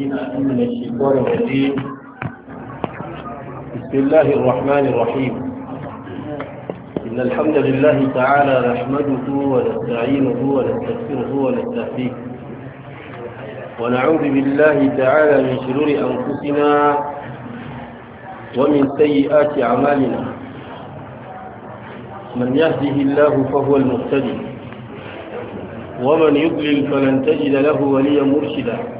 الذين من الشيطان الرجيم بسم الله الرحمن الرحيم إن الحمد لله تعالى نحمده ونستعينه ونستغفره ونستهديه ونعوذ بالله تعالى من شرور أنفسنا ومن سيئات أعمالنا من يهده الله فهو المهتدي ومن يضلل فلن تجد له وليا مرشدا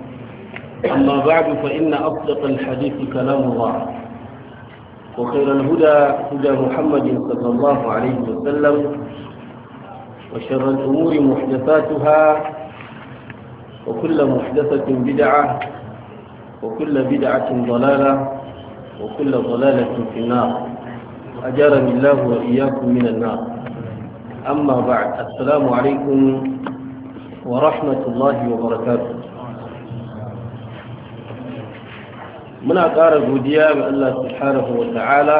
أما بعد فإن أصدق الحديث كلام الله وخير الهدى هدى محمد صلى الله عليه وسلم وشر الأمور محدثاتها وكل محدثة بدعة وكل بدعة ضلالة وكل ضلالة في النار أجارني الله وإياكم من النار أما بعد السلام عليكم ورحمة الله وبركاته muna ƙara godiya ga Allah subhanahu wa ta'ala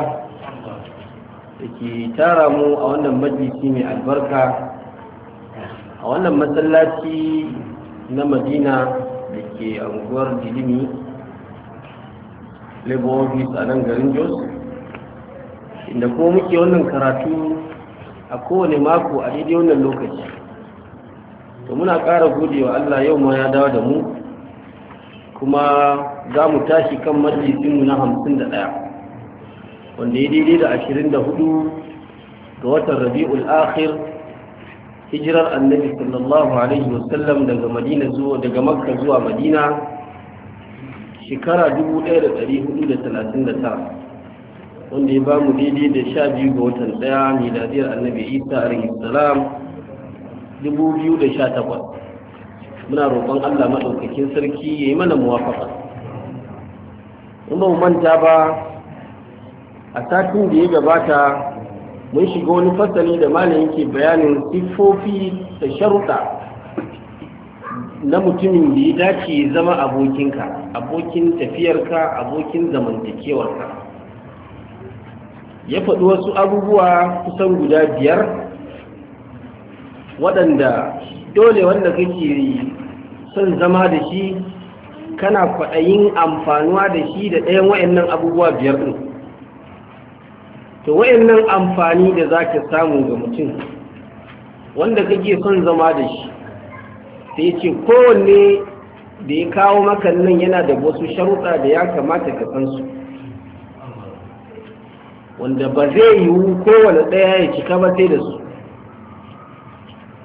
da ke tara mu a wannan majalisi mai albarka a wannan masallaci na madina da ke anguwar jilimi labor office a nan garin jos inda kuma muke wannan karatu a kowane mako a daidai wannan lokaci to muna ƙara godewa Allah yau ma ya dawo da mu kuma za mu tashi kan majalisinmu na hamsin da ɗaya wanda ya daidai da ashirin da hudu ga watan rabi'ul akhir hijirar annabi sallallahu alaihi wasallam daga madina zuwa daga makka zuwa madina shekara 1439 wanda ya ba mu daidai da sha biyu ga watan ɗaya miladiyar annabi isa alaihi salam 2018 muna roƙon Allah maɗaukakin sarki ya yi mana muwafaka in ba mu manta ba a satin da ya gabata mun shiga wani fasali da malam yake bayanin siffofi da sharuɗa na mutumin da ya dace zama abokinka abokin tafiyarka abokin zamantakewarka ya faɗi wasu abubuwa kusan guda biyar waɗanda dole wanda kake son zama da shi kana kwaɗayin amfanuwa da shi da ɗayan wa'annan abubuwa biyar ɗin to wa'annan amfani da za ka samu ga mutum wanda kake son zama da shi sai ce kowanne da ya kawo maka nan yana da wasu sharuɗa da ya kamata ka san su wanda ba zai yiwu kowane ɗaya ya cika ba sai da su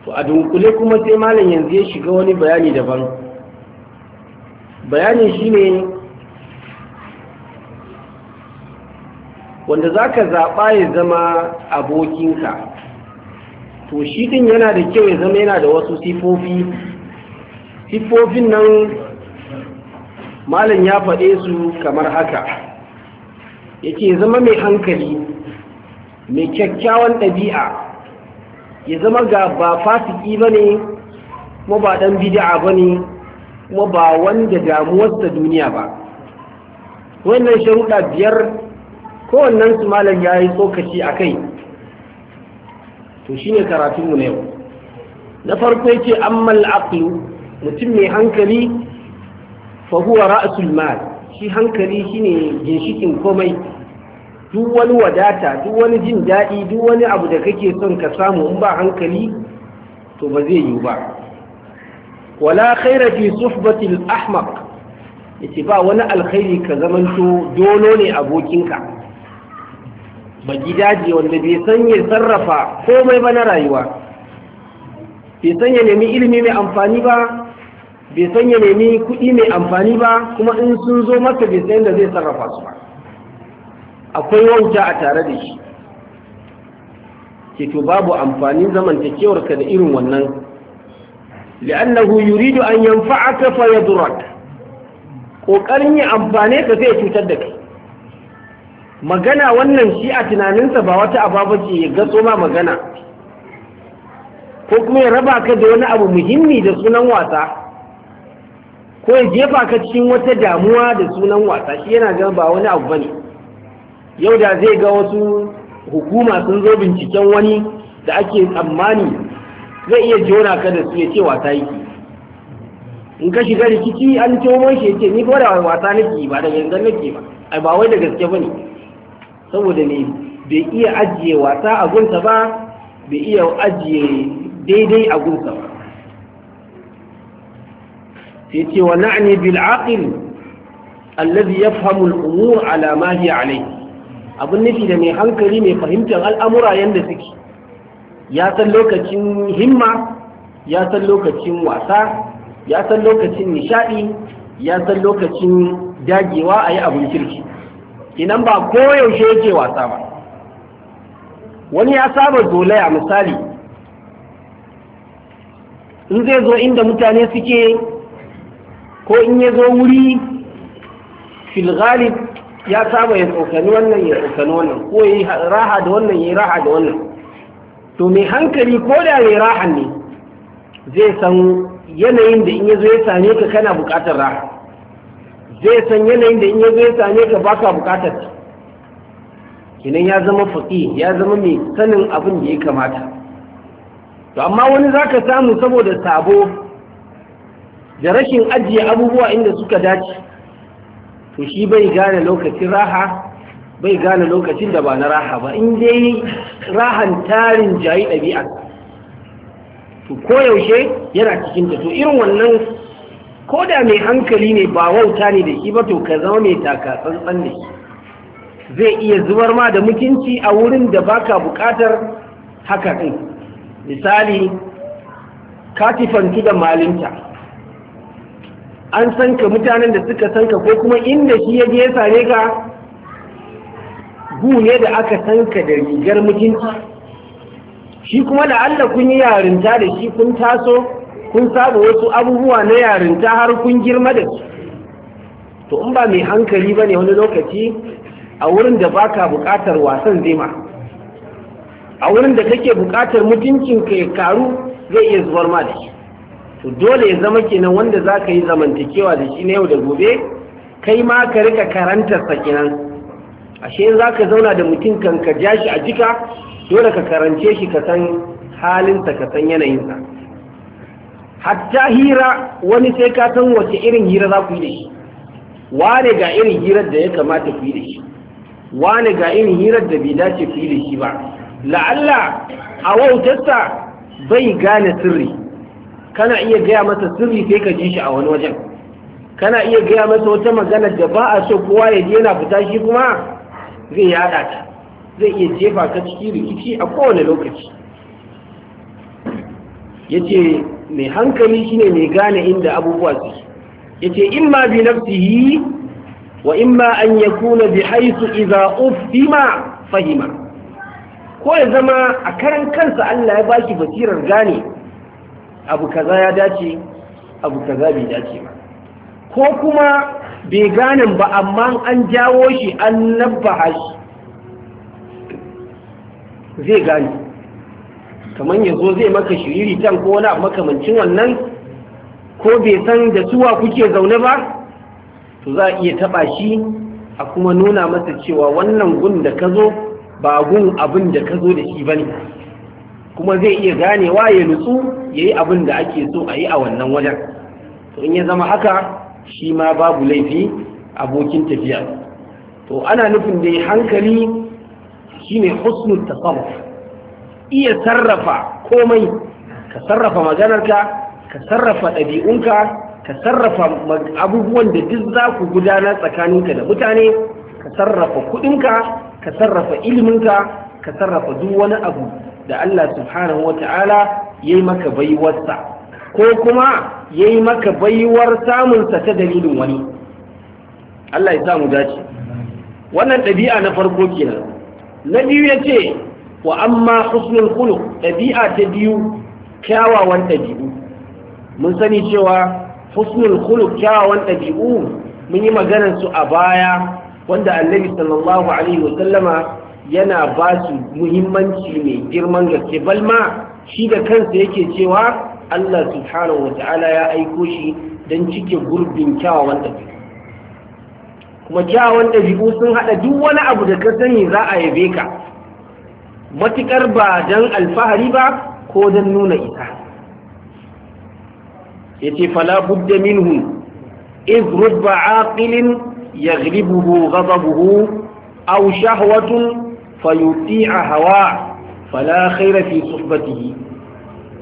to a dunkule kuma sai malam yanzu ya shiga wani bayani daban bayani shine wanda zaka ka zaɓa ya zama abokinka to shi din yana da kyau ya zama yana da wasu sifofi sifofin nan malam ya faɗe su kamar haka yake zama mai hankali mai kyakkyawan ɗabi'a ya zama ga ba fasiki ba ne kuma ba ɗan bida'a ba ne kuma ba wanda damuwarsa duniya ba wannan sharuɗa biyar kowannan su malam ya yi tsokaci a kai to shi ne karatunmu na yau na farko yake ammal aqlu mutum mai hankali fahuwa ra'asul mal shi hankali shi ne ginshikin komai duk wani wadata duk wani jin daɗi duk wani abu da kake son ka samu in ba hankali to ba zai yi ba wala khaira fi suhbatil ahmaq yace ba wani alkhairi ka zamanto dolo ne abokinka ba gidaje wanda bai san ya sarrafa komai ba na rayuwa bai san ya nemi ilimi mai amfani ba bai san ya nemi kuɗi mai amfani ba kuma in sun zo masa bai san da zai sarrafa su ba akwai wauta a tare da shi ke to babu amfanin zamantakewarka da irin wannan li'annahu yuridu an yanfa'aka fa yadurrak kokarin yi amfane ka sai cutar da kai magana wannan shi a tunaninsa ba wata ababa ce ya gaso ma magana ko kuma ya raba ka da wani abu muhimmi da sunan wasa ko ya jefa ka cikin wata damuwa da sunan wasa shi yana gaba ba wani abu bane yau da zai ga wasu hukuma sun zo binciken wani da ake tsammani zai iya jona ka da su ya ce wasa yake in ka shiga rikici an tomo shi ya ce ni kuma da na nake ba da gangan nake ba ai ba wai da gaske ba ne. saboda ne bai iya ajiye wasa a gunsa ba bai iya ajiye daidai a gunsa ba sai ce wa na'ani bil aqil alladhi yafhamu al umur ala ma hiya alayhi abin nufi da mai hankali mai fahimtar al'amura yadda suke ya san lokacin himma ya san lokacin wasa ya san lokacin nishaɗi ya san lokacin dagewa a yi abin kirki inan ba koyaushe yake wasa ba wani ya saba zolaya misali in zai zo inda mutane suke ko in ya zo wuri filgalib ya saba ya tsokani wannan ya tsokani wannan ko yi raha da wannan ya raha da wannan to mai hankali ko da mai rahan ne zai san yanayin da in ya zo ya same ka kana buƙatar raha zai san yanayin da in ya zo ya same ka ka buƙatar ta kinan ya zama faƙi ya zama mai sanin abin da ya kamata to amma wani za ka samu saboda sabo da rashin ajiye abubuwa inda suka dace to shi bai gane lokacin raha bai gane lokacin da ba na raha ba in dai rahan tarin jayi ɗabi'a to koyaushe yana cikin ta to irin wannan ko da mai hankali ne ba wauta ne da shi ba to ka zama mai taka tsantsan ne. zai iya zubar ma da mutunci a wurin da baka bukatar haka ɗin misali katifantu da malinta an san ka mutanen da suka san ka ko kuma inda shi ya je ya same ka gu ne da aka san ka da rigar mutunci shi kuma da Allah kun yi yarinta da shi kun taso kun saba wasu abubuwa na yarinta har kun girma da su to in ba mai hankali ba ne wani lokaci a wurin da baka buƙatar wasan zema a wurin da kake buƙatar mutuncin ka ya karu zai iya zubar ma da shi to dole ya zama kenan wanda za ka yi zamantakewa da shi na yau da gobe kai ma ka rika karantarsa sa kenan ashe za ka zauna da mutum kan ka ja shi a jika dole ka karance shi ka san halinsa ka san yanayinsa hatta hira wani sai ka san wace irin hira za ku yi da shi wane ga irin hirar da ya kamata ku yi da shi wane ga irin hirar da bai dace ku yi da shi ba la'alla a wautarsa bai gane sirri kana iya gaya masa sirri sai ka ji shi a wani wajen kana iya gaya masa wata magana da ba a so kowa ya ji yana fita shi kuma zai yada ta zai iya jefa ka cikin rikici a kowane lokaci yace ce mai hankali shine mai gane inda abubuwa su yace ce in ma bi nafsihi wa in ma an ya kuna bi haythu iza ufima fahima ko ya zama a karan kansa Allah ya baki basirar gane abu kaza ya dace abu kaza bai dace ba ko kuma bai gane ba amma an jawo shi an nabbaha shi zai gani kamar yanzu zai maka shiriri can ko wani abu makamancin wannan ko bai san da suwa kuke zaune ba to za a iya taɓa shi a kuma nuna masa cewa wannan gun da ka zo ba gun abin da ka zo da shi ba ne kuma zai iya ganewa ya nutsu ya yi abin da ake so a yi a wannan wajen to in ya zama haka shi ma babu laifi abokin tafiya to ana nufin dai hankali shine husnul tasarruf iya sarrafa komai ka sarrafa maganarka ka sarrafa ɗabi'unka ka sarrafa abubuwan da duk za ku gudanar tsakaninka da mutane ka sarrafa kuɗinka ka sarrafa iliminka ka sarrafa duk wani abu da Allah subhanahu ya yayi maka baiwarsa ko kuma yayi maka baiwar samunsa ta dalilin wani Allah ya samu dace wannan ɗabi'a na farko kenan na biyu ce wa amma husnul Kulu ɗabi'a ta biyu kyawawan ɗabi'u mun sani cewa husnul Kulu kyawawan ɗabi'u mun yi maganar su a baya wanda annabi sallallahu alaihi wasallama yana ba su muhimmanci mai girman gaske balma shi da kansa yake cewa Allah subhanahu wa ta'ala ya aiko shi don cike gurbin kyawawan ɗabi'u kuma kyawawan ɗabi'u sun haɗa duk wani abu da ka sani za a yabe ka matuƙar ba don alfahari ba ko don nuna isa ya ce fala budda minhu iz rubba aqilin yaghlibuhu ghadabuhu aw shahwatun فيطيع hawa فلا خير في صحبته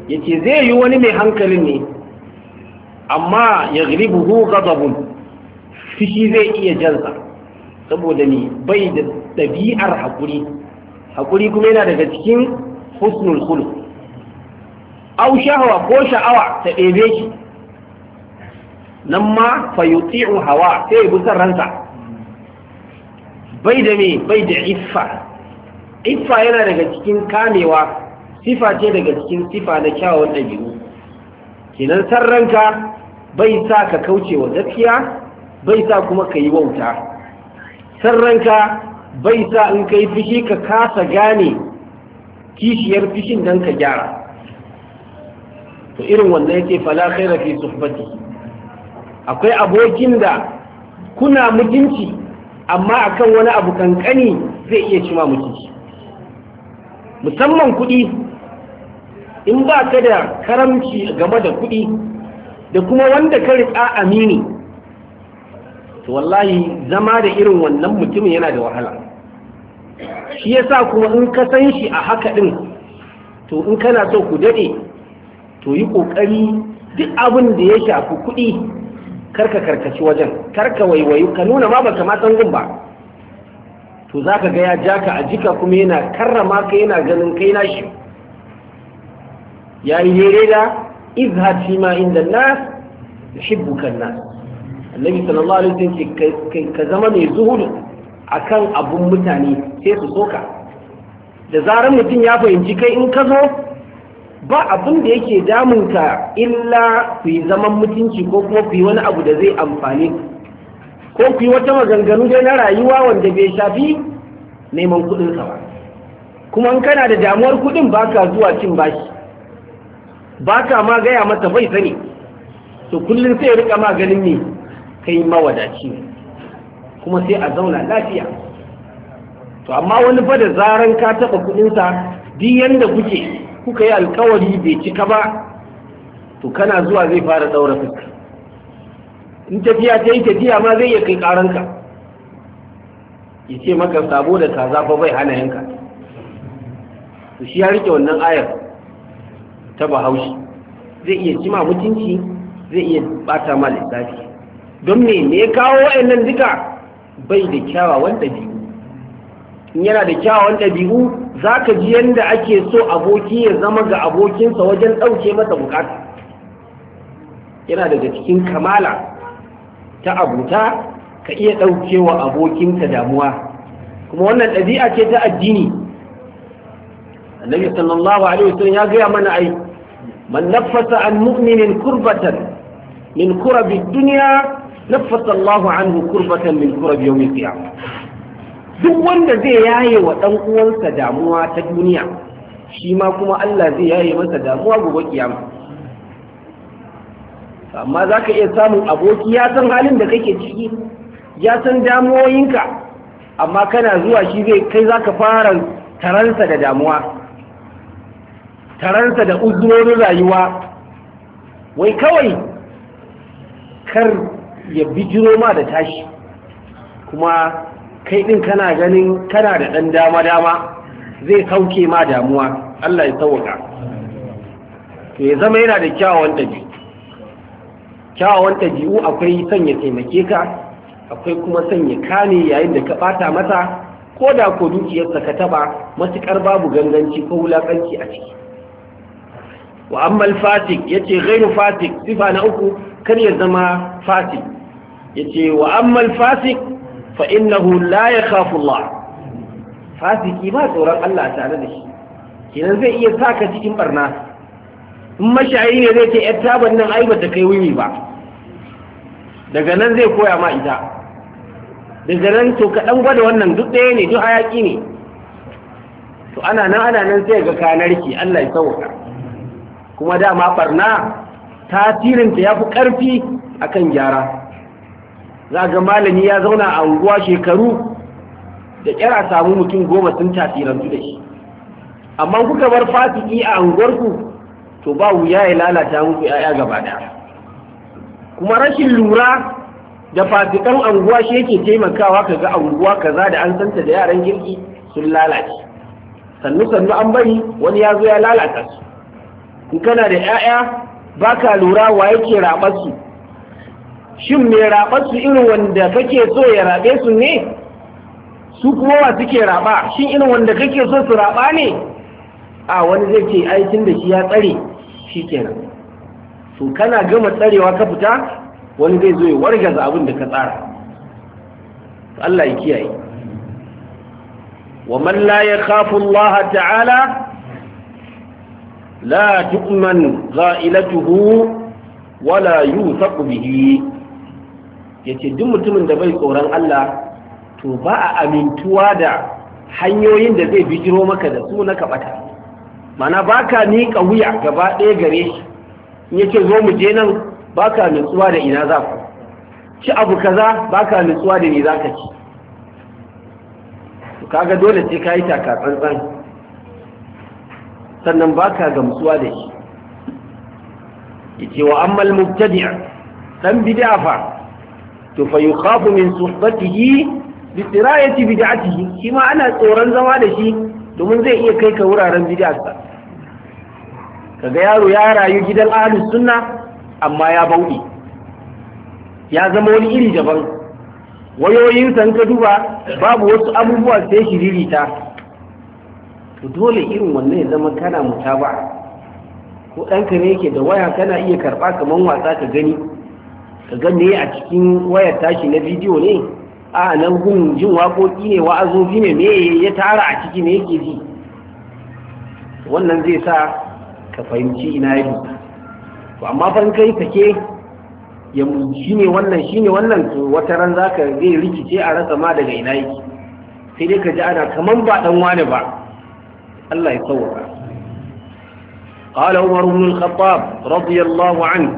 yace zai yi wani mai hankalin ne amma ya ghribuhu ghadabun fishi zai iya jansa saboda ne bai da ɗabi'ar haƙuri haƙuri kuma yana daga cikin husnul khuluq au shahawa ko sha'awa ta ɗebe shi nan ma fayuti'u hawa sai ya busar ransa bai da me bai da iffa iffa yana daga cikin kamewa sifa ce daga cikin sifa na kyawun ɗabi'u kenan sarranka bai sa ka kauce wa gaskiya bai sa kuma ka yi wauta sarranka bai sa in ka yi fushi ka kasa gane kishiyar fishin don ka gyara to irin wannan yake fala khaira fi suhbati akwai abokin da kuna mutunci amma akan wani abu kankani zai iya cima mutunci musamman kuɗi in ba ka da karamci game da kuɗi da kuma wanda ka riƙa amini to wallahi zama da irin wannan mutumin yana da wahala shi yasa kuma in ka san shi a haka ɗin to in kana so ku daɗe to yi ƙoƙari duk abin da ya shafi kuɗi karka karkaci wajen karka waiwayu ka nuna ma ba ma san gun ba to za ka ga ya ja ka a jika kuma yana karrama ka yana ganin kai nashi. shi ya yi here da izhar ma inda nas yuhibbukan nas annabi sallallahu alaihi wasallam ce ka zama mai zuhudu akan abun mutane sai su soka da zarar mutum ya fahimci kai in ka zo ba abin da yake damunka illa ku zaman mutunci ko kuma ku wani abu da zai amfani ko ku yi wata maganganu dai na rayuwa wanda bai shafi neman kuɗinsa ba kuma in kana da damuwar kuɗin baka zuwa cin bashi baka ma gaya mata bai sani to kullum sai ya rika maganin ne kai mawadaci kuma sai a zauna lafiya to amma wani fa da zaran ka taɓa kuɗinsa duk yanda kuke kuka yi alkawari bai cika ba to kana zuwa zai fara ɗaura fuska in tafiya ta yi tafiya ma zai iya kai karanka ya ce maka sabo da kaza fa bai hana yanka su shi ya rike wannan ayar ta bahaushe zai iya cima mutunci zai iya bata ma lissafi don me me kawo wa'annan duka bai da kyawawan ɗabi'u in yana da kyawawan ɗabi'u za ka ji yadda ake so aboki ya zama ga abokinsa wajen ɗauke masa bukata yana daga cikin kamala ta abuta ka iya ɗaukewa abokinka damuwa kuma wannan ɗabi'a ce ta addini annabi sallallahu alaihi wasallam ya gaya mana ai man nafasa an mu'minin kurbatan min kurabi duniya nafasa Allahu anhu kurbatan min kurabi yawmin qiyamah duk wanda zai yaye wa dan uwansa damuwa ta duniya shi ma kuma Allah zai yaye masa damuwa gobe kiyama amma za ka iya samun aboki ya san halin da kake ciki ya san damuwoyinka amma kana zuwa shi zai kai za ka fara taransa da damuwa taransa da uzurorin rayuwa wai kawai kar ya bijiro ma da tashi kuma kai din kana ganin kana da ɗan dama-dama zai sauke ma damuwa Allah ya sauka ya zama yana da kyawon ɗabi kyawawan ɗabi'u akwai sanya taimake ka akwai kuma sanya kane yayin da ka bata masa ko da ko dukiyarsa ka taba matuƙar babu ganganci ko wulakanci a ciki wa ammal fatik yace ghairu fatik sifa na uku kar ya zama fatik yace wa ammal fasik fa innahu la yakhafu Allah fasiki ba tsoron Allah tare da shi kenan zai iya saka cikin barna mashayi ne zai ce ‘yar tabar nan ai ba ta kai wuni ba daga nan zai koya ma ita daga nan to kaɗan gwada wannan duk ɗaya ne duk hayaƙi ne to ana nan ana nan sai ga ki Allah ya sauka kuma dama barna tasirinta ya fi ƙarfi a kan gyara za ga malami ya zauna a unguwa shekaru da a samu mutum goma sun tasirantu da shi amma kuka bar fasiki a unguwarku to ba wuya ya lalata muku ‘ya'ya gaba kuma rashin lura da fasikan anguwa shi yake taimakawa ka ga anguwa kaza da an santa da yaran girki sun lalace sannu sannu an bari wani ya zo ya lalata su in kana da ‘ya'ya ba ka lura wa yake raɓar su shin mai raɓar su irin wanda kake so ya raɓe su ne su kuma wa suke raɓa shin irin wanda kake so su raɓa ne a wani zai ce aikin da shi ya tsare shikenan su kana gama tsarewa ka fita wani zai zo ya wargaza abin da ka tsara Allah ya kiyaye wa man la yakhafu Allah ta'ala la tu'man gha'ilatuhu wala yusaq bihi yace duk mutumin da bai tsoron Allah to ba a amintuwa da hanyoyin da zai bijiro maka da su na kabata mana ba ka miƙa wuya gaba ɗaya gare shi in yake zo mu je nan ba ka nutsuwa da ina za ku ci abu kaza ba ka nutsuwa da ni za ka ci kaga dole sai ka yi taka tsantsan sannan ba ka gamsuwa da shi yake wa ammal mubtadi'a dan bid'a fa to fa yukhafu min suhbatihi bi tirayati bid'atihi shi ma ana tsoron zama da shi domin zai iya kai ka wuraren ta kaga yaro ya rayu gidan ahlus sunna amma ya bauɗe ya zama wani iri daban wayoyin san ka duba babu wasu abubuwa sai shiririta to dole irin wannan ya zama kana mutaba ko ɗanka ne yake da waya kana iya karɓa kamar wasa ka gani ka ga a cikin wayar tashi na bidiyo ne a nan gun jin waƙoƙi ne wa'azofi ne me ya tara a ciki ne yake ji wannan zai sa ka fahimci ina yi to amma fa kai take ya shi ne wannan shi ne wannan to wata ran za ka zai rikice a rasa ma daga ina yake sai dai ka ji ana kaman ba ɗan wani ba Allah ya sauwaka قال عمر بن الخطاب رضي الله عنه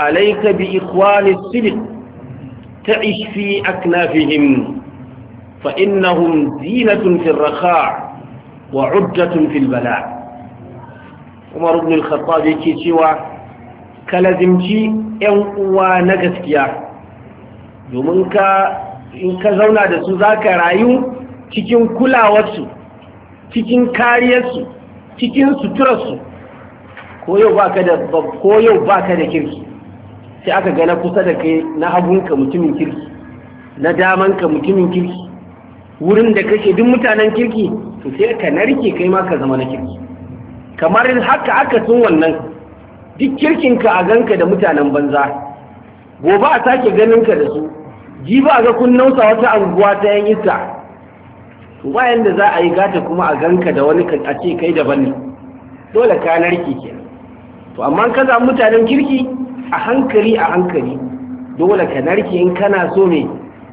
عليك بإخوان الصدق تعش في أكنافهم فإنهم زينة في الرخاع وعجة في البلاء عمر بن الخطاب yake cewa ka lazimci ƴan uwa na gaskiya domin ka in ka zauna da su zaka rayu cikin kulawarsu cikin kariyarsu cikin suturarsu ko yau baka da ko yau baka da kirki sai aka ga kusa da kai na abunka mutumin kirki na damanka mutumin kirki wurin da kake duk mutanen kirki to sai ka narke kai ma ka zama na kirki kamar haka aka tun wannan duk kirkinka a ganka da mutanen banza gobe a sake ganin ka da su ji ba ga kun nausa wata anguwa ta yan isa to bayan da za a yi gata kuma a ganka da wani a ce kai daban ne dole ka narke kenan to amma ka mutanen kirki a hankali a hankali dole ka narke in kana so ne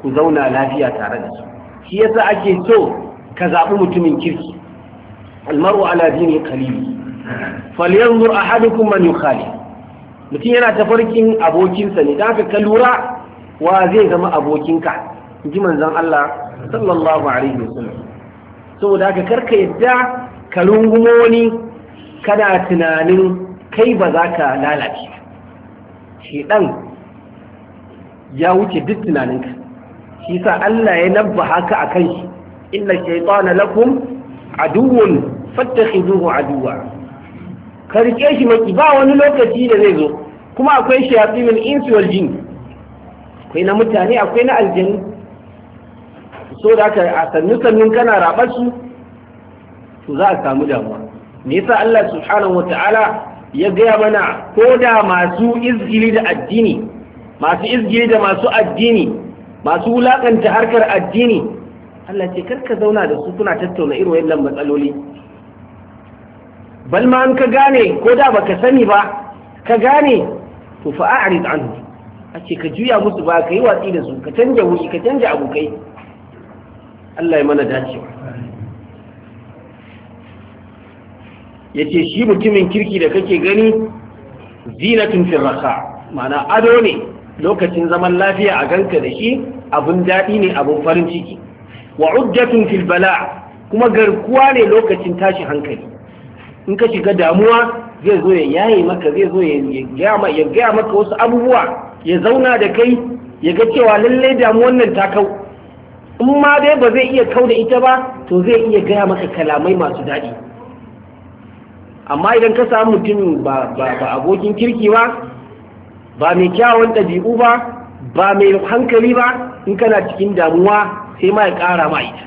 ku zauna lafiya tare da su shi yasa ake so ka zaɓi mutumin kirki almaru ala dini qalili falyanzur ahadukum man yukhali mutum yana tafarkin abokinsa ne dan ka lura wa zai zama abokinka inji manzon Allah sallallahu alaihi wasallam saboda haka karka yadda ka rungumo wani kana tunanin kai ba za ka lalace Shiɗan ya wuce duk tunaninka shi sa Allah ya nabba haka a kan shi inna shaytana lakum aduwwun zuwa aduwa ka rike shi maki ba wani lokaci da zai zo kuma akwai shi shayatinul min wal jin akwai na mutane akwai na aljanu so da aka a sannu sannun kana rabar su to za a samu damuwa me yasa Allah subhanahu wataala ya gaya mana ko da masu izgili da addini masu izgili da masu addini masu wulakanta harkar addini Allah ce karka zauna da su kuna tattauna irin wayannan matsaloli bal ma an ka gane ko da baka sani ba ka gane to fa a'rid anhu a ce ka juya musu ba ka yi watsi da su ka canja wuri ka canja abokai Allah ya mana dacewa ya ce shi mutumin kirki da kake gani zinatun firraka mana ado ne lokacin zaman lafiya a ganka da shi abun daɗi ne abun farin ciki wa ujjatun filbala kuma garkuwa ne lokacin tashi hankali in ka shiga damuwa zai zo ya yaye maka zai zo ya gaya maka wasu abubuwa ya zauna da kai ya ga cewa lallai damuwan nan ta kau in ma dai ba zai iya kau da ita ba to zai iya gaya maka kalamai masu daɗi amma idan ka samu mutum ba abokin kirki ba ba mai kyawun ɗabi'u ba ba mai hankali ba in kana cikin damuwa sai ma ya ƙara ma ita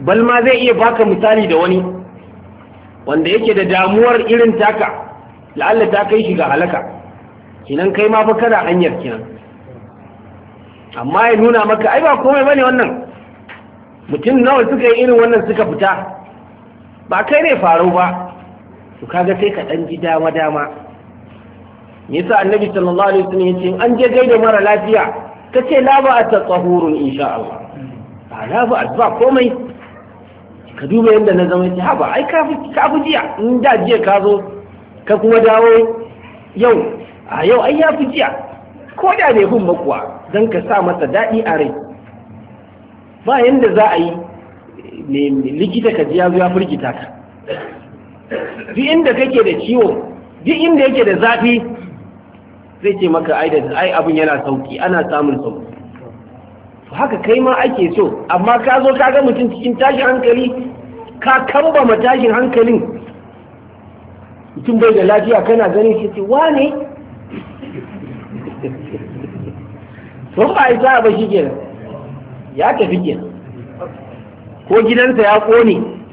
bal ma zai iya baka misali da wani wanda yake da damuwar irin taka la'alla ta kai shi ga halaka kinan kai ma fa kana hanyar kinan amma ya nuna maka ai ba komai bane wannan mutum nawa suka yi irin wannan suka fita ba kai ne faru ba to kaga sai ka dan ji dama dama me yasa annabi sallallahu alaihi wasallam yace an je gaida mara lafiya kace la ba ta tsahurun insha Allah ba la ba ba komai ka duba yadda na zama ki haba ai ka fi jiya in da jiya ka zo ka kuma dawo yau a yau ai ya fi jiya ko da ne hun makuwa dan ka sa masa daɗi a rai ba yadda za a yi likita ka ji ya zo ya firgita ka duk inda kake da ciwo duk inda yake da zafi zai ce maka ai da ai abin yana sauki ana samun sauki haka kai ma ake so amma ka zo ka ga mutum cikin tashin hankali ka kamba ma tashin hankalin mutum bai da lafiya kana ganin shi ce wane sun ba isa ba shi ya tafi kenan ko gidansa ya kone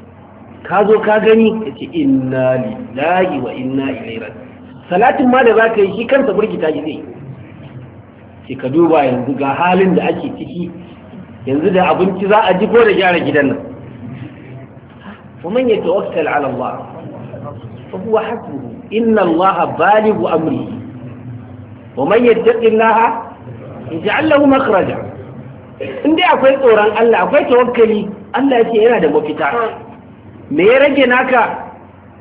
ka zo ka gani ka ce inna lillahi wa inna ilaihi raji'un salatin ma da zaka yi shi kansa burgita shi zai sai ka duba yanzu ga halin da ake ciki yanzu da abinci za a ji ko da gyara gidan nan ومن يتوكل على الله فهو حسبه إن الله بالغ أمره ومن يتق الله يجعل له مخرجا in dai akwai tsoron Allah akwai tawakkali Allah ya ce yana da mafita me ya rage naka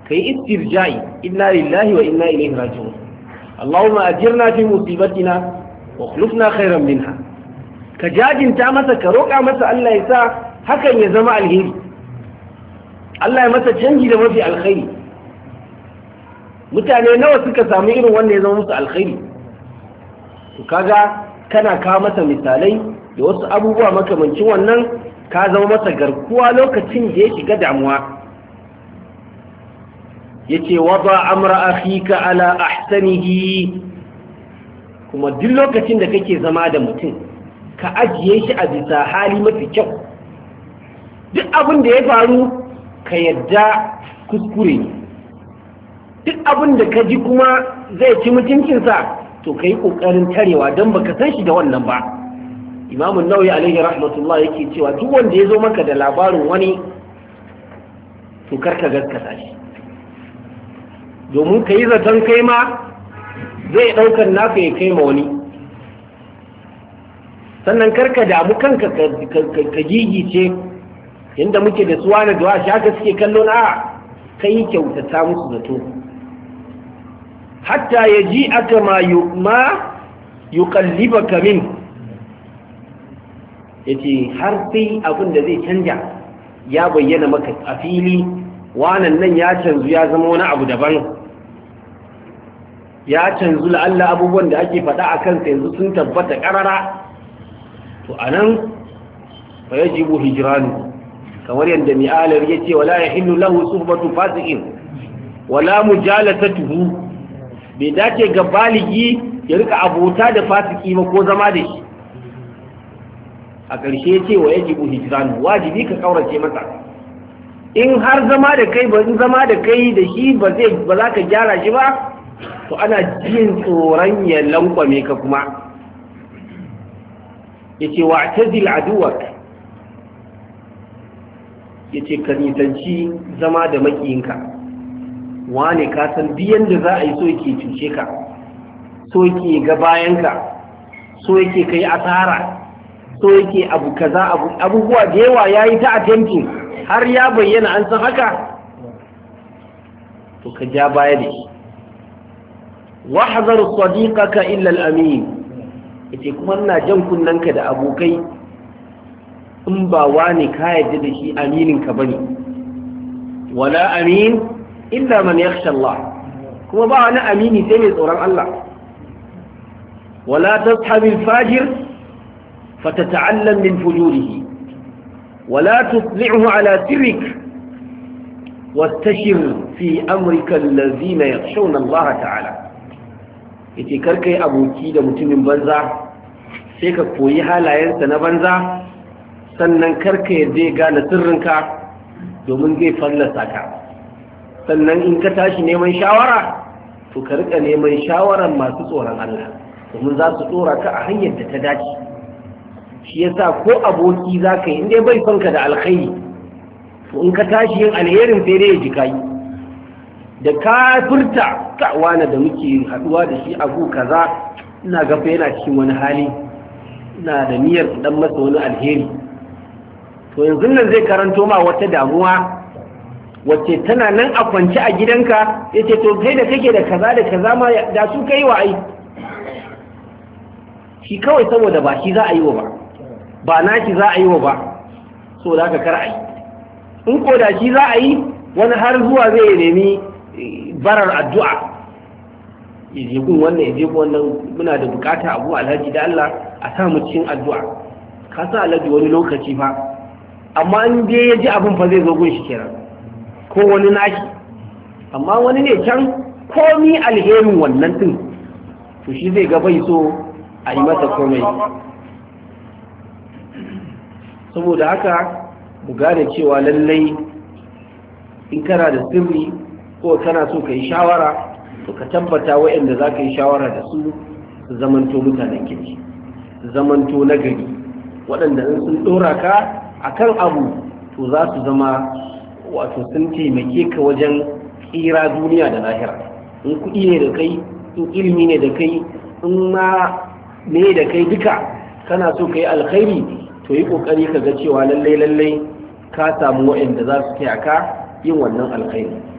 Ka yi istirja'i inna lillahi wa inna ilaihi raji'un Allahumma ajirna fi musibatina wa khulufna khairan minha ka jajinta masa ka roƙa masa Allah ya sa hakan ya zama alheri Allah ya masa canji da mafi alkhairi mutane nawa suka samu irin wanda ya zama musu alkhairi to kaga kana ka masa misalai da wasu abubuwa makamancin wannan ka zama masa garkuwa lokacin da ya shiga damuwa yace wada amra akhika ala ahsanihi kuma duk lokacin da kake zama da mutum ka ajiye shi a bisa hali mafi kyau duk abin da ya faru ka yadda kuskure duk abin da ka ji kuma zai ci mutuncinsa to ka yi ƙoƙarin tarewa don ba ka san shi da wannan ba imamun nauyi alaihi rahmatullah yake cewa duk wanda ya zo maka da labarin wani to karka gaskata shi domin ka yi zaton kai ma zai ɗaukar naka ya kai ma wani sannan karka damu kanka ka gigice inda muke da suwa na duwa shaka suke kallon a kai kyautata musu zato hatta ya ji aka ma yi kalliba kamin ya ce har sai abin da zai canja ya bayyana maka a fili wanan nan ya canzu ya zama wani abu daban ya canzu la'alla abubuwan da ake faɗa a kansa yanzu sun tabbata ƙarara to a nan fa ya jibu hijiranu kamar yadda mi'alar ya ce wala ya hillu lahu suhbatu fasikin wala ta tuhu. bai dace ga baligi ya rika abota da fasiki ba ko zama da shi a ƙarshe ce wa ya jibu hijiranu wajibi ka ƙaurace masa in har zama da kai ba in zama da kai da shi ba za ka gyara shi ba to ana jin tsoron ya lankwame ka kuma ya ce wa aduwar Ya ce ka nitanci zama da makiyinka wane ka san biyan da za a yi so yake cuce ka so yake ga bayanka so yake kai asara so yake abu ka za abubuwa da yawa ya yi ta a attempting har ya bayyana an san haka to ka ja baya da shi واحذر صديقك إلا الأمين yace kuma ina jan kunnanka da abokai in ba wani ka yaddi da shi aminin ka bane wala amin illa man yakhsha Allah kuma ba wani amini sai mai tsoron Allah wala tashabi al fajir fatata'allam min fujurihi wala tuslihu ala sirrik wastashir fi amrika allazina يخشون Allah ta'ala yace karka yi aboki da mutumin banza sai ka koyi halayensa na banza sannan karka yadda ya gane sirrinka domin zai fallasa ka sannan in ka tashi neman shawara to ka rika neman shawaran masu tsoron Allah domin za su tsora ka a hanyar da ta dace shi yasa ko aboki za ka yi inda bai fanka da alkhairi to in ka tashi yin alherin sai dai ya ji kayi da kafirta ka wani da muke haduwa da shi abu kaza ina gafa yana cikin wani hali ina da niyyar dan masa wani alheri to yanzu nan zai karanto ma wata damuwa wacce tana nan a kwance a gidanka Yace to kai da kake da kaza da kaza ma da su kai wa ai shi kawai saboda ba shi za a yi wa ba ba na shi za a yi wa ba so da ka kar ai in ko da shi za a yi wani har zuwa zai nemi barar addu'a yaje wannan wannan muna da bukata abu alhaji da Allah a samu cikin addu'a ka sa alhaji wani lokaci ba. amma in ya ji abin fa zai zo gun shi kenan ko wani nashi amma wani ne can komi alherin wannan din to shi zai ga bai so a yi masa komai saboda haka mu gane cewa lallai in kana da sirri ko kana so ka yi shawara to ka tabbata waɗanda za ka yi shawara da su zamanto mutanen kirki zamanto na gari waɗanda in sun ɗora ka a kan abu to za su zama wato sun taimake ka wajen tsira duniya da lahira in kuɗi ne da kai in ilimi ne da kai in ma ne da kai duka kana so ka yi alkhairi to yi ƙoƙari ka ga cewa lallai lallai ka samu waɗanda za su taya ka yin wannan alkhairi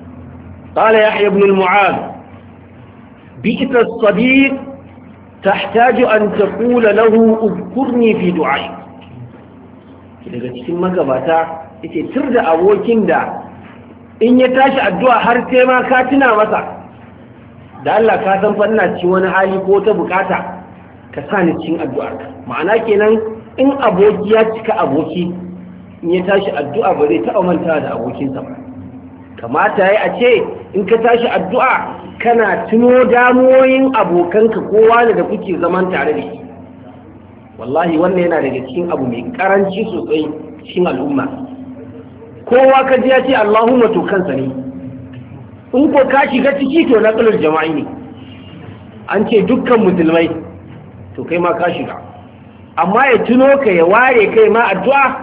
قال يحيى بن المعاذ بئس الصديق تحتاج أن تقول له اذكرني في دعائك daga cikin magabata yake tur da abokin da in ya tashi addu'a har sai ma ka tuna masa da Allah ka san fanna ci wani hali ko ta bukata ka sa ni cikin addu'ar ma'ana kenan in aboki ya cika aboki in ya tashi addu'a ba zai taɓa manta da abokinsa ba kamata ya a ce in ka tashi addu'a kana tuno damoyin abokanka kowa da da kuke zaman tare da shi wallahi wannan yana daga cikin abu mai karanci sosai cikin al'umma kowa ka ji ya ce Allahumma to kansa ne in ko ka shiga ciki to na tsalar jama'i ne an ce dukkan musulmai to kai ma ka shiga amma ya tuno ka ya ware kai ma addu'a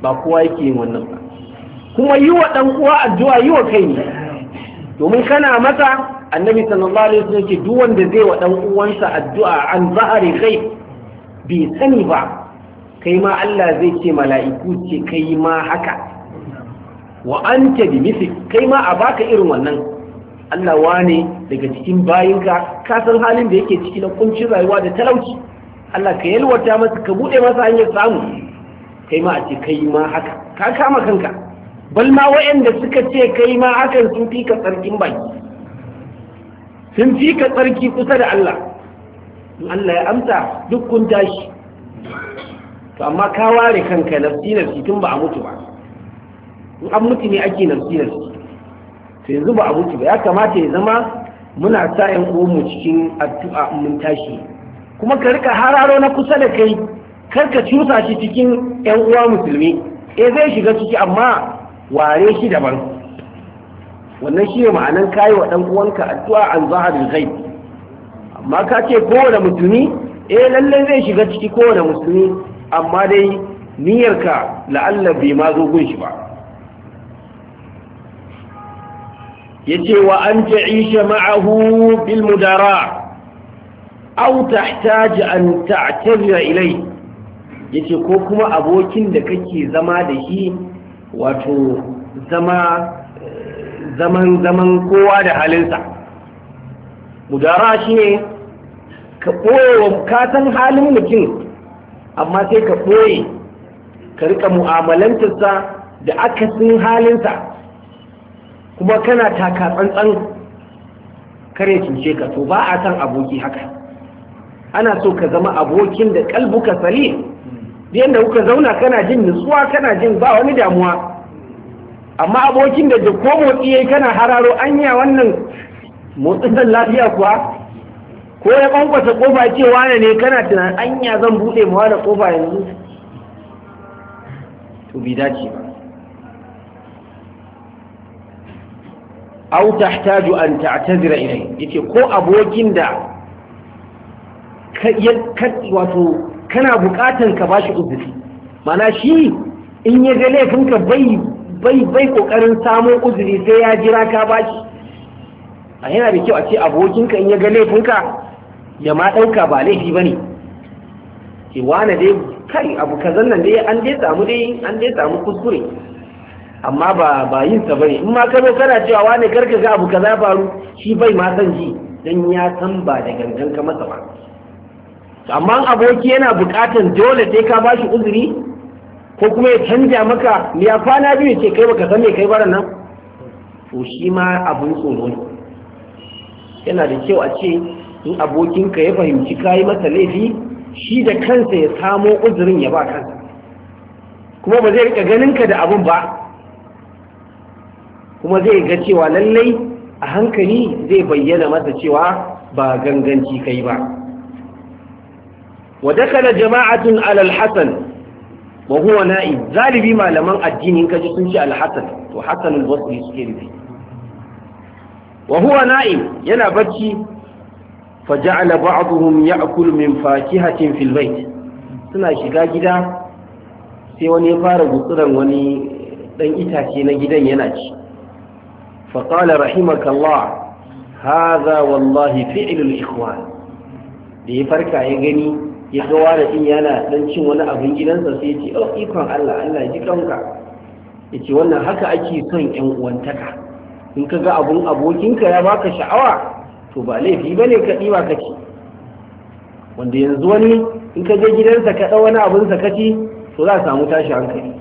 ba kowa yake yin wannan ba kuma yi wa ɗan'uwa addu'a yi wa kai ne domin kana masa annabi sallallahu alaihi wasallam ke duk wanda zai wa ɗan uwansa addu'a an zahari kai bai sani ba kai ma Allah zai ce mala'iku ce kai ma haka wa anta bi misi kai ma a baka irin wannan Allah wane daga cikin bayinka ka san halin da yake ciki na kuncin rayuwa da talauci Allah ka yalwata masa ka bude masa hanyar samu kai ma a ce kai ma haka ka kama kanka bal ma waɗanda suka ce kai ma hakan sun fi ka tsarkin baki sun fi ka tsarki kusa da Allah in Allah ya amsa duk kun tashi to amma ka ware kanka nafsi nafsi tun ba a mutu ba in an mutu ne ake nafsi nafsi to yanzu ba a mutu ba ya kamata ya zama muna sa 'yan mu cikin addu'a mun tashi kuma ka rika hararo na kusa da kai kar ka cusa shi cikin 'yan uwa musulmi eh zai shiga ciki amma ware shi daban wannan shi ne ma'anan kayi wa ɗan uwanka addu'a an zaharin zai amma ka ce kowane musulmi eh lallai zai shiga ciki kowane musulmi amma dai niyyarka la'alla bai ma zo gun shi ba yace wa an ta'isha ma'ahu bil mudara aw tahtaj an ta'tazira ilai yace ko kuma abokin da kake zama da shi wato zama zaman zaman kowa da halinsa mudara shi ne ka ɓoye ka san halin mutum amma sai ka ɓoye ka rika mu'amalantarsa da akasin halinsa kuma kana taka tsantsan kare cince ka to ba a san aboki haka ana so ka zama abokin da kalbuka salim da yadda kuka zauna kana jin nutsuwa kana jin ba wani damuwa amma abokin da da ko motsi yi kana hararo anya wannan motsin zan lafiya kuwa ko ya kwankwasa kofa ce wane ne kana tunanin anya zan bude da ƙofa kofa yanzu to bi dace ba aw tahtaju an ta'tazira ilayhi yace ko abokin da wato kana buƙatan ka bashi uzuri mana shi in ya ga laifinka bai bai bai kokarin samun uzuri sai ya jira ka bashi a yana da kyau a ce abokinka in ya ga laifinka ya ma ɗauka ba laifi ba ne ke wane dai kai abu kazan nan dai an dai samu dai an dai samu kuskure amma ba ba yin sa bane in ma ka zo kana cewa wane karka ga abu kaza faru shi bai ma san ji dan ya san ba da gangan ka masa ba amma aboki yana bukatan dole sai ka bashi uzuri ko kuma ya canja maka ya kwana biyu ce kai baka san me kai bara nan to shi ma abun tsoro ne yana da kyau a ce in abokinka ya fahimci kayi masa laifi shi da kansa ya samo uzurin ya ba kansa kuma ba zai rika ka da abun ba kuma zai ga cewa lallai a hankali zai bayyana masa cewa ba ganganci kai ba ودخل جماعة على الحسن وهو نائب ذالبي ما لمن الدين إنك جسنشي الحسن وحسن البصري سكيري وهو نائم ينا بكي فجعل بعضهم يأكل من فاكهة في البيت سنة شقا جدا سيواني فارغ صرا وني dan itace na gidan yana ci faƙala rahimakallah haza wallahi fi'ilul ikhwan da ya farka ya gani ya ga wani din yana dan cin wani abin gidansa sai ya ce oh ikon Allah Allah ji kanka ya ce wannan haka ake son yan uwantaka in ka ga abun abokinka ya baka sha'awa to ba laifi bane ka ɗiba ka ci wanda yanzu wani in ka je gidansa ka ɗau wani abin ka ci to za a samu tashi hankali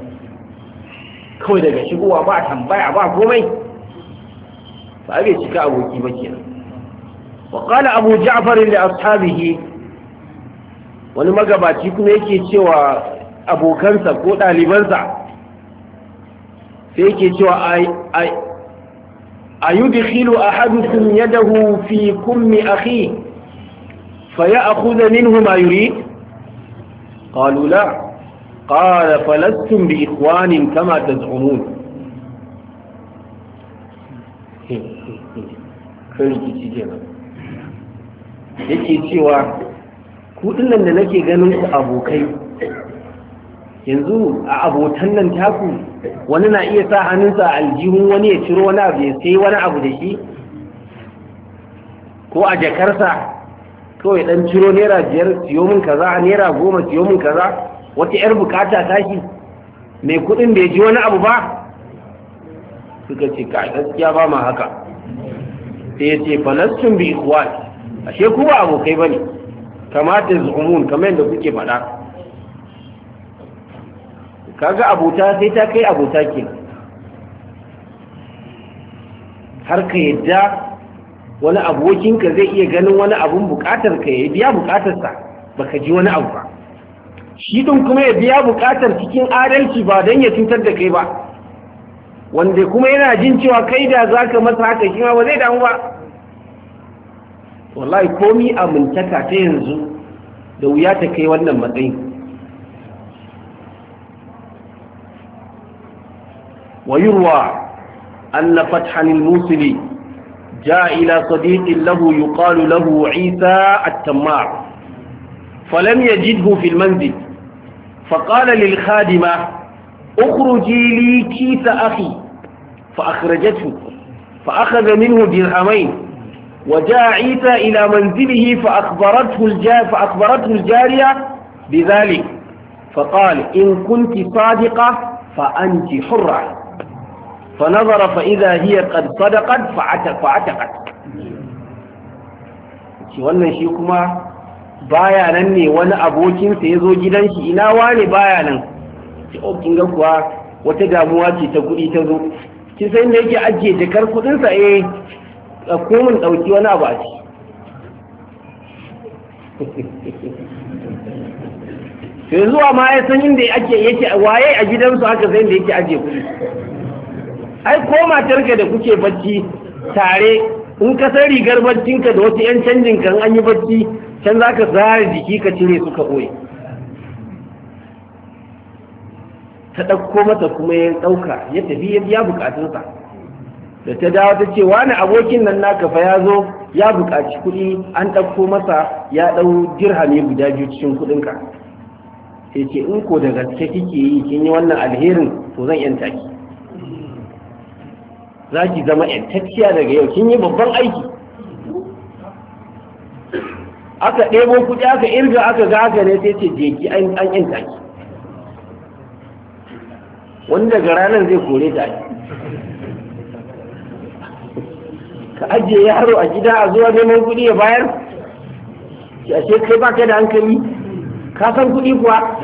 kawai daga shigowa ba tambaya ba komai ba bai cika aboki ba kenan وقال أبو جعفر لأصحابه wani magabaci kuma yake cewa abokansa ko ɗalibansa sai yake cewa a yi dukhilu a hadisun yadahu fi kummi akhi faya a kuza minhu ma yuri? ƙalula ƙara falastun bi ikwanin kama ta tsoron kan rikici kenan yake cewa kudin nan da nake ganin ku abokai yanzu a abotan nan taku wani na iya sa hannunsa a aljihun wani ya ciro wani abu ya sai wani abu da shi ko a jakarsa kawai dan ciro naira biyar siyo min kaza naira goma siyo min kaza wata yar bukata shi mai kudin bai ji wani abu ba suka ce ka gaskiya ba ma haka sai ya ce falastun bi ikhwan ashe ku ba abokai bane kamata zuumun kamar yadda kuke faɗa kaga abota sai ta kai abuta ke har ka yadda wani abokinka zai iya ganin wani abun bukatar ka ya biya bukatarsa baka ji wani abu ba shi din kuma ya biya bukatar cikin adalci ba don ya cutar da kai ba wanda kuma yana jin cewa kai da zaka masa haka shi ma ba zai damu ba wallahi komi amintaka ta yanzu da wuya ta kai wannan matsayi ويروى أن فتحا الموصلي جاء إلى صديق له يقال له عيسى التمار فلم يجده في المنزل فقال للخادمة اخرجي لي كيس أخي فأخرجته فأخذ منه درهمين وجاء عيسى إلى منزله فأخبرته, الجا فأخبرته الجارية بذلك فقال إن كنت صادقة فأنت حرة فنظر فإذا هي قد صدقت فعتقت wannan shi kuma baya nan ne wani abokinsa ya zo gidan shi ina wane baya nan ce o oh, kuwa wata damuwa ce ta kuɗi ta zo san da yake ajiye jakar kuɗinsa eh ɗauko min ɗauki wani abu a ciki sai zuwa ma ya san inda ake yake waye a gidansu haka zai da yake aje kuɗi ai ko ka da kuke bacci tare in ka san rigar baccinka da wasu 'yan canjin kan an yi bacci can za ka zara jiki ka cire suka ɓoye ta ɗauko mata kuma ya ɗauka ya tafi ya biya bukatunsa da ta dawo ta ce wani abokin nan naka fa ya zo ya buƙaci kuɗi an ɗauko masa ya ɗau dirhami guda biyu cikin kuɗinka sai ce in ko da gaske kike yi kin yi wannan alherin to zan yanta ki za ki zama yantacciya daga yau kin yi babban aiki aka ɗebo kuɗi aka irga aka ga ne sai ce jeki an yanta ki wani daga ranar zai kore ta ki ka ajiye yaro a gida a zuwa neman kuɗi ya bayar a ce kai baka da hankali ka san kuɗi kuwa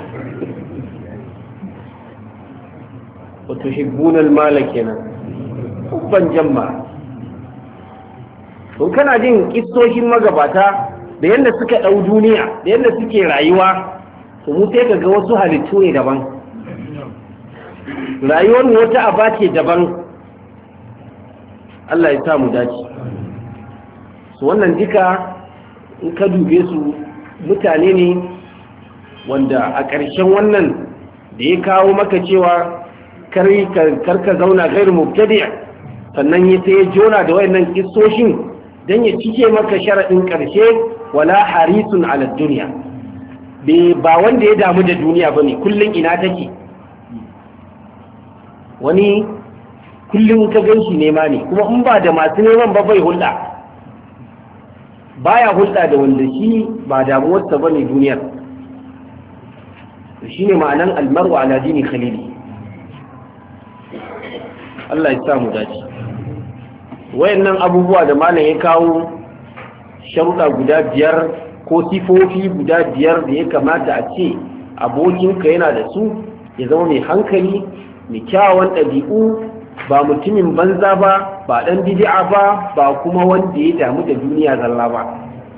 wato shigunan mala kenan ubban jamma kun kana jin kistoshin magabata da yadda suka ɗau duniya da yadda suke rayuwa to mu sai ga wasu halittu ne daban rayuwar wata aba ce daban Allah ya mu dace su wannan duka in ka dube su mutane ne wanda a ƙarshen wannan da ya kawo maka cewa karka zauna gairu mubtadi sannan ya sai jona da wayannan kistoshin? Don ya cike maka sharaɗin ƙarshe wala harisun ala duniya ba wanda ya damu da duniya ba ne kullum ina take wani kullum ka gan shi nema ne kuma in ba da masu neman ba bai hulɗa baya hulɗa da wanda shi ba damuwarsa ba ne duniyar shi ne ma'anan almaru ala dini khalili Allah ya samu dace wayannan abubuwa da malam ya kawo sharuɗa guda biyar ko sifofi guda biyar da ya kamata a ce abokinka yana da su ya zama mai hankali mai kyawawan ɗabi'u ba mutumin banza ba ba dan bid'a ba ba kuma wanda ya damu da duniya zalla ba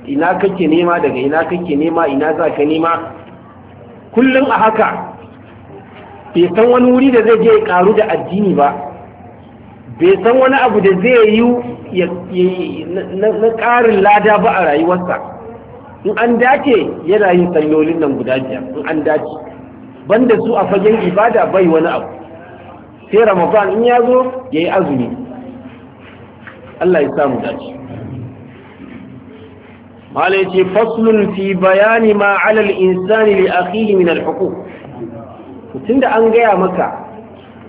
ina kake nema daga ina kake nema ina za ka nema kullum a haka bai san wani wuri da zai je ya karu da addini ba bai san wani abu da zai yi na ƙarin lada ba a rayuwarsa in an dace yana yin sallolin nan guda biyar in an dace banda su a fagen ibada bai wani abu sai ramadan in ya zo ya yi azumi Allah ya samu dace mala yace faslun fi bayani ma ala al-insani li akhihi min al-huquq tunda an gaya maka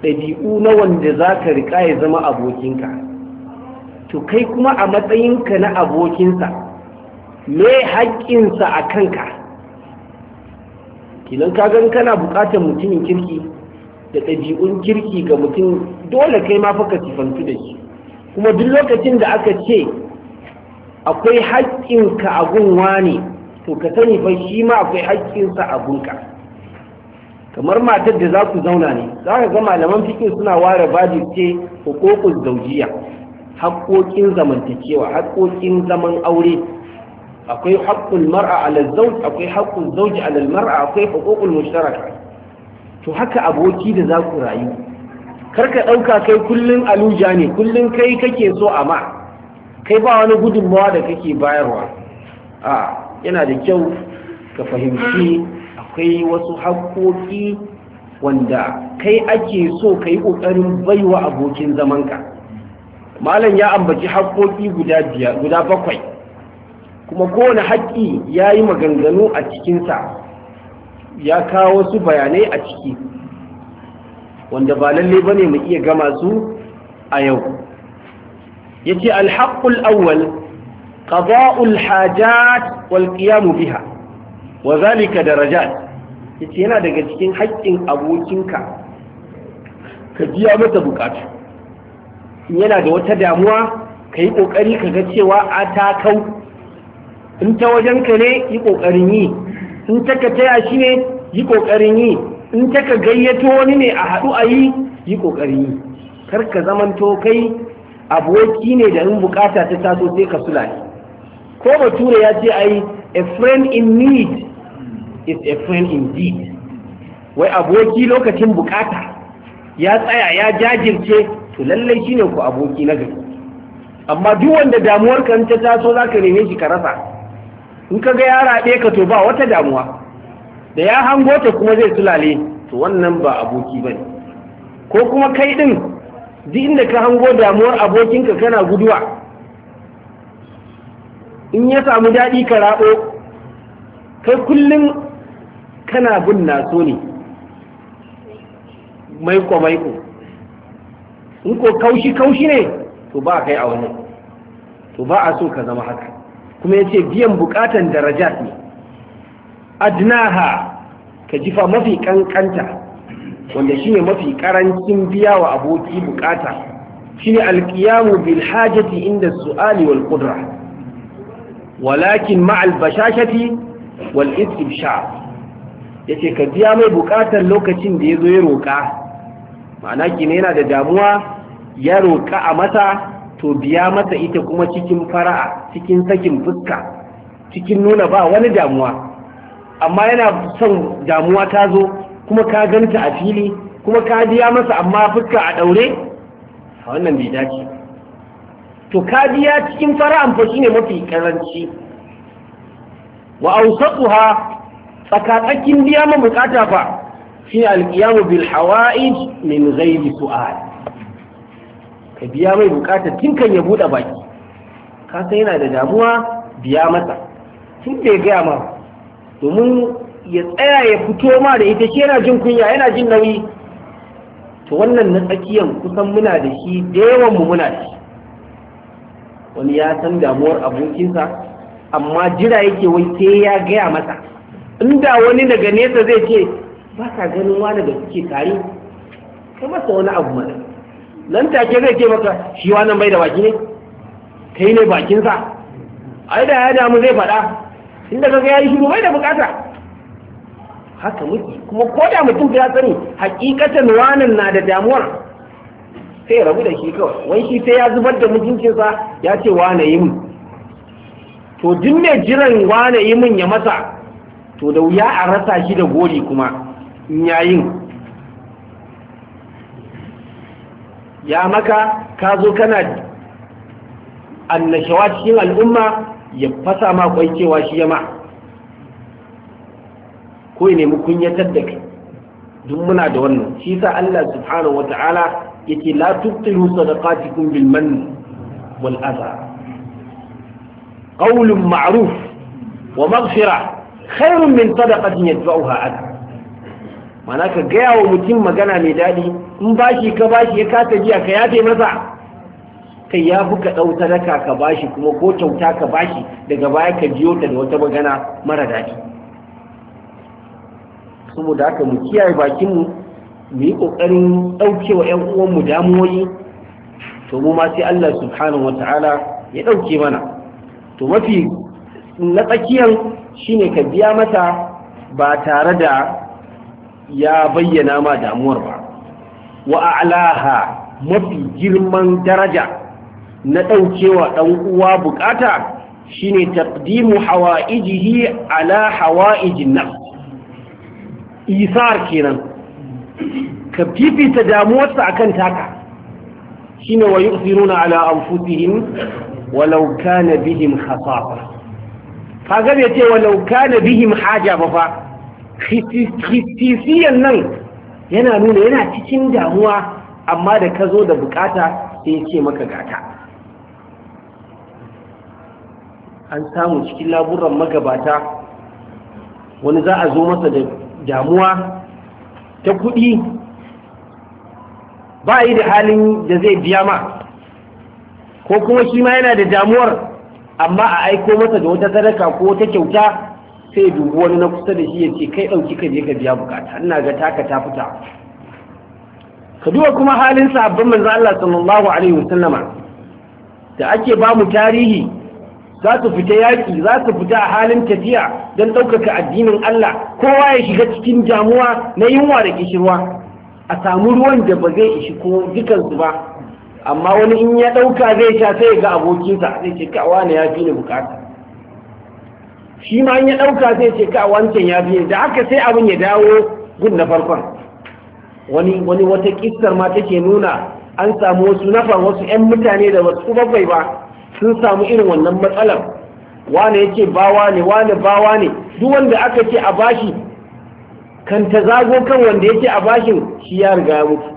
ɗabi'u na wanda za ka riƙa ya zama abokinka to kai kuma a matsayinka na abokinsa me haƙƙinsa a kanka kinan kagan kana buƙatar mutumin kirki da ɗabi'un kirki ga mutum dole kai ma faka sifantu da shi kuma duk lokacin da aka ce akwai haƙƙinka a gunwa ne to ka sani fa shi ma akwai haƙƙinsa a gunka kamar matar da za ku zauna ne za ka ga malaman fikin suna ware bajin ce hukukun zaujiya haƙƙoƙin zamantakewa haƙƙoƙin zaman aure akwai haƙƙul mar'a alal zauj akwai haƙƙul zauji alal mar'a akwai hukukul mushtaraka to haka aboki da za ku rayu karka ɗauka kai kullum aluja ne kullum kai kake so a kai ba wani gudunmawa da kake bayarwa a yana da kyau ka fahimci akwai wasu haƙoƙi wanda kai ake so ka yi ƙoƙarin baiwa abokin zamanka malam ya ambaci haƙoƙi guda bakwai kuma kowane haƙƙi ya yi maganganu a cikinsa ya kawo wasu bayanai a ciki wanda ba lalle ne mu iya gama su a yau yace alhaqqul awwal qada'ul hajat wal qiyam biha wa zalika darajat yace yana daga cikin haƙƙin abokinka ka biya mata bukatu yana da wata damuwa ka yi ƙoƙari ka ga cewa a ta kau in ta wajenka ne yi ƙoƙarin yi in taka taya shi ne yi ƙoƙarin yi in taka gayyato wani ne a haɗu a yi yi ƙoƙarin yi kar ka zamanto kai aboki ne da in bukata ta taso sai ka sula ko bature ya ce yi a friend in need is a friend indeed wai aboki lokacin bukata ya tsaya ya jajirce to lallai shine ku aboki na gari amma duk wanda damuwar kan ta taso zaka neme shi ka rasa in ka ga ya raɗe ka to ba wata damuwa da ya hango ta kuma zai sulale to wannan ba aboki ne. ko kuma kai ɗin, duk inda ka hango damuwar abokinka kana guduwa in ya samu daɗi ka raɓo kai kullum kana bin naso ne maiko-maiko in ko kaushi-kaushi ne to ba kai a wani to ba a so ka zama haka kuma ya ce biyan bukatan darajat ne adnaha ka jifa mafi kankanta wanda shine mafi karancin biya wa aboki bukata ne alkiyamu bil hajati inda su'ali wal kudura. walakin ma bashashati wal Ya yace ka biya mai bukatar lokacin da yazo ya roka ma'ana kina yana da damuwa ya roƙa a masa. to biya masa ita kuma cikin fara'a cikin sakin fuska cikin nuna ba wani damuwa amma yana son damuwa ta zo kuma ka ganta a fili kuma ka biya masa amma fuska a daure a wannan bai dace to ka biya cikin fara'an fa shine mafi karanci wa awsatuha tsakatsakin biya ma bukata fa shi alqiyamu bil hawaij min ghairi su'al ka biya mai bukatar tun kan ya buɗe baki ka san yana da damuwa biya masa tun da ya gaya ma domin ya tsaya ya fito ma da ita shi yana jin kunya yana jin nauyi to wannan na tsakiyan kusan muna da shi da yawan mu muna da shi wani ya san damuwar abokinsa amma jira yake wai sai ya gaya masa inda wani daga nesa zai ce ba ka ganin wani da suke tare kai masa wani abu mana nan take zai ce maka shi wannan bai da baki ne kai ne bakinsa ai da ya damu zai faɗa inda kaga yayi shiru bai da bukata haka muke kuma ko da mutum ya sani hakikatan wannan na da damuwar sai rabu da shi kawai wai shi sai ya zubar da mutuncinsa ya ce wane yi mun to duk mai jiran wane yi mun ya masa to da wuya a rasa shi da gori kuma in yayin ya maka ka zo kana annashawa cikin al'umma ya fasa ma kwai cewa shi ya ma ko ya nemi kunyatar da kai duk muna da wannan shi sa Allah subhanahu ya yake la tubtilu sadaqatikum bil mann wal adha qawlun ma'ruf wa maghfira khairun min sadaqatin yadfa'uha adha mana ka gaya wa mutum magana mai daɗi in bashi ka bashi ya kasa jiya ka yafe masa kai ya fi ka ɗau sadaka ka bashi kuma ko kyauta ka bashi daga baya ka biyo ta da wata magana mara daɗi saboda haka mu kiyaye bakin mu yi ƙoƙarin ɗauke ɗaukewa 'yan mu damuwoyi to mu ma sai Allah subhanahu wata'ala ya ɗauke mana to mafi na tsakiyan shine ka biya mata ba tare da ya bayyana ma damuwar ba wa a'laha mafi girman daraja na ɗaukewa ɗan uwa ne shine hawa hawaijihi ala hawa hawaijin nafs isar kenan ka fifita damuwarsa a kan taka shine wa yusiruna ala anfusihim walau kana bihim khasasa kaga bai ce walau kana bihim haja ba fa kistisiyan nan yana nuna yana cikin damuwa amma da ka zo da bukata sai ya ce maka gata an samu cikin laburan magabata wani za a zo masa da damuwa ta kudi ba yi da halin da zai biya ma ko kuma shi ma yana da damuwar amma a aiko masa da wata sadaka ko wata kyauta sai dubu wani na kusa da shi ya ce kai ɗauki ka je ka biya bukata ina ga taka ta fita ka duba kuma halin sahabban manzo Allah sallallahu alaihi wasallama da ake ba mu tarihi za su fita yaƙi za su fita a halin tafiya don ɗaukaka addinin Allah kowa ya shiga cikin jamuwa na yunwa da kishirwa a samu ruwan da ba zai ishi ko dukansu ba amma wani in ya ɗauka zai sha sai ga abokinsa zai ce kawa ne ya fi ni bukata shi ma ya ɗauka zai ce ka wancan ya biye da haka sai abin ya dawo gun na farkon wani wani wata kistar ma take nuna an samu wasu nafa wasu 'yan mutane da wasu babbai ba sun samu irin wannan matsalar wane yake bawa ne wane bawa ne duk wanda aka ce a bashi kan ta zago kan wanda yake a bashin shi ya riga ya mutu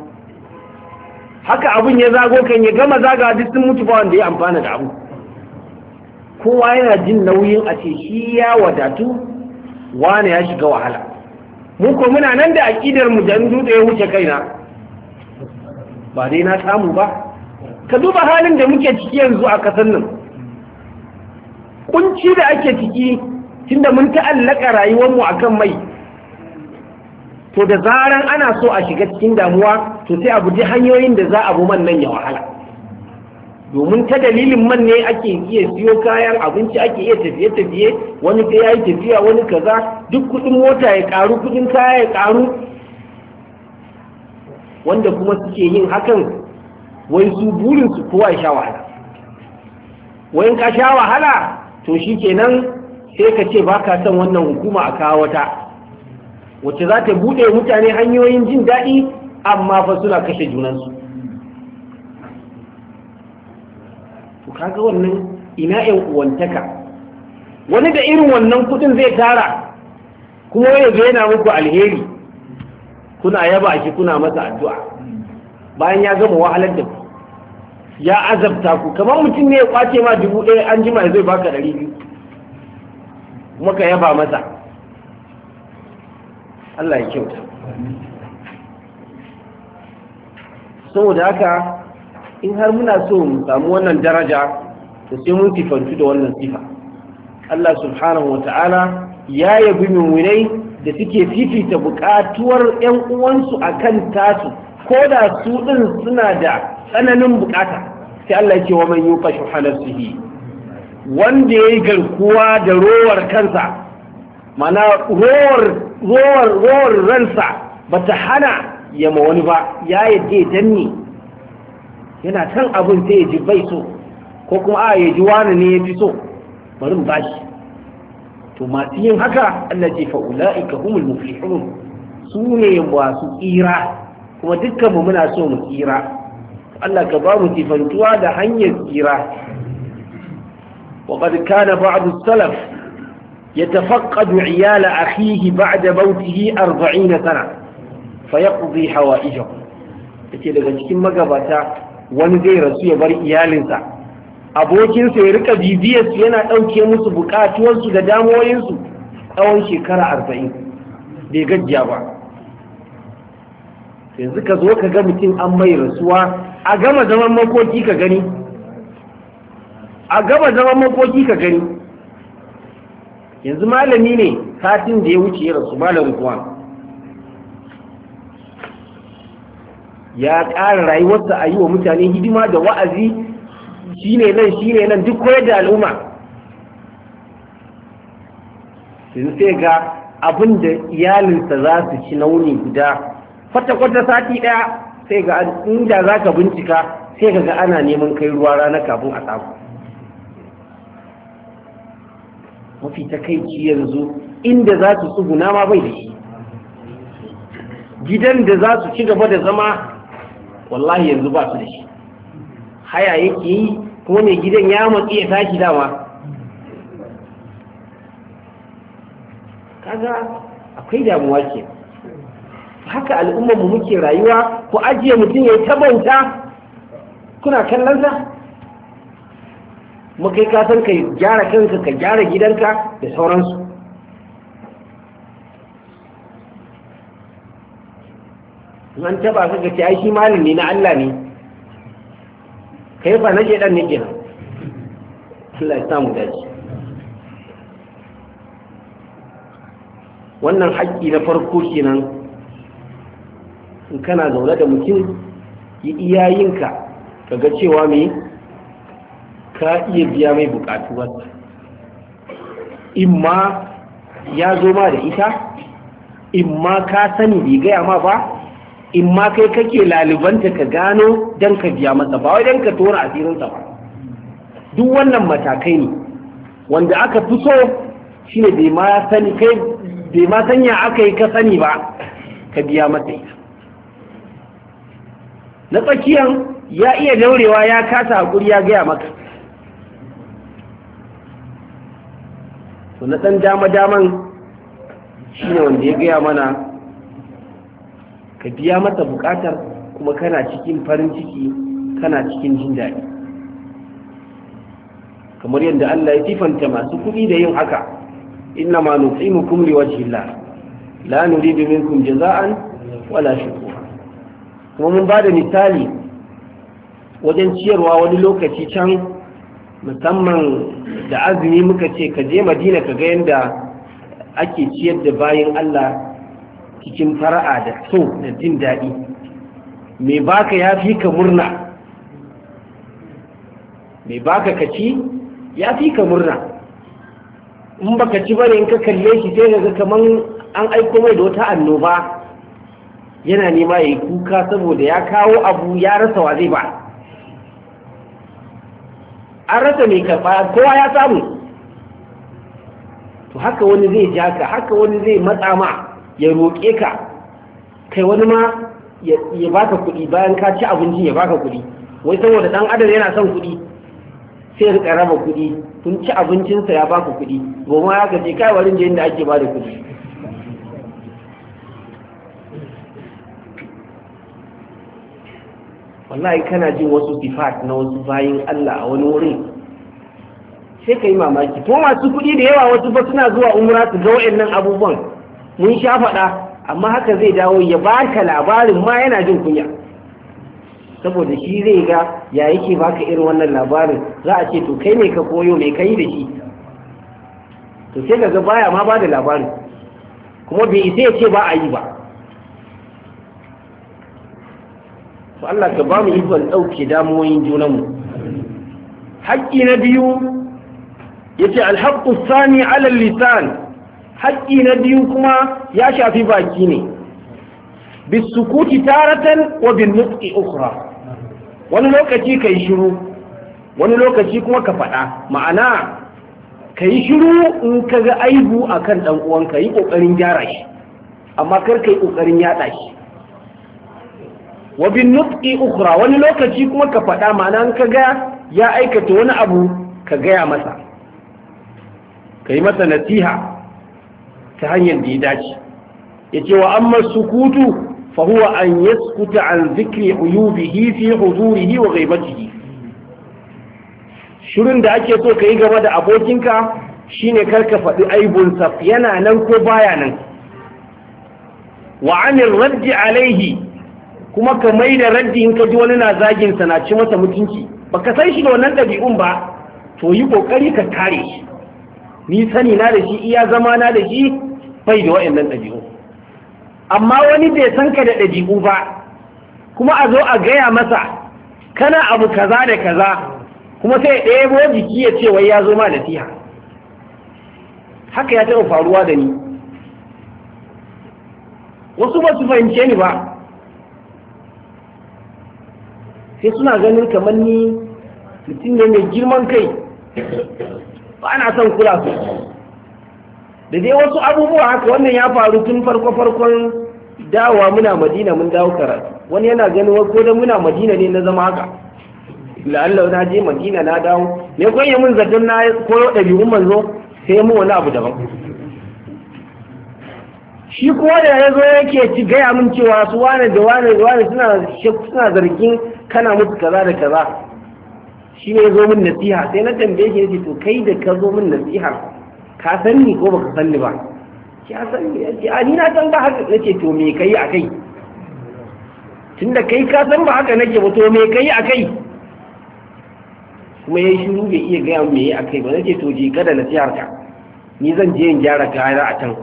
haka abin ya zago kan ya gama zaga duk sun mutu ba wanda ya amfana da abu kowa yana jin nauyin a ce shi ya wadatu wane ya shiga wahala mu ko muna nan da aƙidar mu jan dutse ya wuce kaina ba dai na samu ba ka duba halin da muke ciki yanzu a kasar nan kunci da ake ciki tunda mun ta'allaka mu akan mai to da zaran ana so a shiga cikin damuwa to sai abu ji hanyoyin da za a bu man nan ya wahala domin ta dalilin man ne ake iya siyo kayan abinci ake iya tafiye-tafiye wani sai ya yi tafiya wani kaza duk kudin mota ya karu kudin kaya ya karu wanda kuma suke yin hakan wai su burin su kowa sha wahala wayan ka sha wahala to shi kenan sai ka ce ba ka son wannan hukuma a kawo wata wacce za ta buɗe mutane hanyoyin jin daɗi amma fa suna kashe junansu kaga wannan ina yan uwantaka wani da irin wannan kudin zai tara kuma ya zo yana muku alheri kuna yaba shi kuna masa addu'a bayan ya gama wahalar da ku ya azabta ku kamar mutum ne ya kwace ma dubu ɗaya an jima zai baka ɗari biyu kuma ka yaba masa Allah ya kyauta saboda haka in har muna so mu samu wannan daraja to sai mun tifantu da wannan sifa Allah subhanahu wata'ala ya yabi muminai da suke fifita buƙatuwar 'yan uwansu akan tasu ko da su ɗin suna da tsananin bukata sai Allah ya ce wa man yuqa shuha wanda yayi garkuwa da rowar kansa mana rowar rowar rowar ransa bata hana ya wani ba ya yadda ya danne yana kan abin sai ya ji bai so ko kuma a ya ji wani ne ya fi so bari mu bashi to masu yin haka Allah ce fa'ula'ika humul muflihun su ne masu tsira kuma dukkan mu muna so mu tsira Allah ka ba mu tifantuwa da hanyar tsira وقد كان بعض السلف يتفقد عيال أخيه بعد موته أربعين سنة hawa حوائجه yake daga cikin magabata wani zai rasu ya bar iyalinsa abokinsa ya rika bibiyarsu yana ɗauke musu buƙatuwarsu da damuwoyinsu tsawon shekara arba'in bai gajiya ba yanzu ka zo ka ga mutum an mai rasuwa a gama zaman makoki ka gani a gama zaman makoki ka gani yanzu malami ne satin da ya wuce ya rasu malam ruwan ya ƙara rayuwarsa a yi wa mutane hidima da wa'azi shi ne nan shi ne nan duk koyar da al'umma yanzu sai ga abin da iyalinsa za su ci nauni guda kwata-kwata sati ɗaya sai ga inda za ka bincika sai ga ana neman kai ruwa rana kafin a samu mafi takaici yanzu inda za su tsuguna ma bai da shi gidan da za su ci gaba da zama wallahi yanzu ba su da shi haya yake yi kuma mai gidan ya matsi ya tashi dama kaga akwai damuwa ke haka al'ummar mu muke rayuwa ku ajiye mutum ya tabanta kuna kallon sa mu kai kasan ka gyara kanka ka gyara gidanka da sauransu an taba ka ce ai shi malin ne na Allah ne kai fa na dan ne kenan Allah ya samu dace wannan haƙƙi na farko kenan in kana zaune da mutum yi iyayinka ka ga cewa me ka iya biya mai bukatu ba imma ya zo ma da ita imma ka sani bai gaya ma ba in ma kai kake lalibanta ka gano don ka biya masa ba wai don ka tona asirinsa ba duk wannan matakai ne wanda aka fi so shi ne bai ma sanya aka yi ka sani ba ka biya masa ita na tsakiyan ya iya daurewa ya kasa hakuri ya gaya maka to na ɗan dama-daman shi ne wanda ya gaya mana ka biya mata bukatar kuma kana cikin farin ciki kana cikin jin daɗi kamar yadda Allah ya sifanta masu kuɗi da yin haka inna ma nutsimukum liwajhillah la nuridu minkum jaza'an wala shukura kuma mun ba da misali wajen ciyarwa wani lokaci can musamman da azumi muka ce ka je madina ka ga yadda ake ciyar da bayan Allah cikin fara'a da so da jin daɗi mai baka ya fi ka murna mai baka ka ci ya fi ka murna in baka ci bane in ka kalle shi sai ga kaman an aiko mai da wata annoba yana nema ya yi kuka saboda ya kawo abu ya rasa wa zai ba an rasa mai karɓa kowa ya samu to haka wani zai ja ka haka wani zai matsa ma ya roƙe ka kai wani ma ya baka kuɗi bayan ka ci abincin ya baka kuɗi wai saboda ɗan adam yana son kuɗi sai ya rika raba kuɗi kun ci abincinsa ya baka kuɗi goma ya gaje kai warin da ake bada kuɗi wallahi kana jin wasu sifat na wasu bayin Allah a wani wurin sai ka yi mamaki to masu kuɗi da yawa wasu ba suna zuwa umra su ga wa'annan abubuwan mun sha faɗa amma haka zai dawo ya baka labarin ma yana jin kunya saboda shi zai ga ya yake baka irin wannan labarin za a ce to kai ne ka koyo mai kai da shi to sai kaga baya ma ba da labarin kuma bai isa ya ce ba a yi ba to Allah ka ba mu ikon ɗauke damuwoyin junanmu haƙƙi na biyu yace alhaqqu sani ala lisan haƙƙi na biyu kuma ya shafi baki ne bisukuti taratan wa bin nutsi ukhra wani lokaci kai shiru wani lokaci kuma ka faɗa ma'ana kai shiru in ka ga aibu akan dan uwanka yi kokarin gyara shi amma kar kai kokarin yada shi wa bin nutqi wani lokaci kuma ka faɗa ma'ana in ka ga ya aikata wani abu ka gaya masa kai masa nasiha ta hanyar da ya dace ya ce wa amma sukutu fa huwa an yaskuta an zikri uyubihi fi huzurihi wa ghaibatihi shirin da ake so ka yi game da abokinka shine karka faɗi aibunsa yana nan ko baya nan wa anil raddi alaihi kuma ka mai da raddi in ka ji wani na zaginsa na ci masa mutunci baka san shi da wannan ɗabi'un ba to yi ƙoƙari ka tare. shi ni sani na da shi iya zama na da shi Kai da nan ɗabi'u amma wani bai san ka da ɗabi'u ba kuma a zo a gaya masa kana abu kaza da kaza kuma sai ɗebo jiki ya ce wai ya zo ma nasiha haka ya taɓa faruwa da ni wasu ba su fahimce ni ba sai suna ganin kamar ni mutum ne mai girman kai ba ana son kula su da dai wasu abubuwa haka wannan ya faru tun farko farkon dawa muna madina mun dawo karatu wani yana ganin wasu da muna madina ne na zama haka La'allau na je madina na dawo ne kun yi mun zaton na koyo ɗabi'un manzo sai mu wani abu daban shi kuma da ya zo yake ci gaya min cewa su wane da wane da wane suna zargin kana musu kaza da kaza shi ne zo min nasiha sai na tambaye shi to kai da ka zo min nasiha ka san ni ko baka san ni ba ya san ni a ni na san ba haka nace to me kai a kai? tunda kai ka san ba haka nake ba to me kai a kai? kuma yayi shiru bai iya gaya me yayi kai ba nace to je kada na siyar ka ni zan je in gyara kayana a can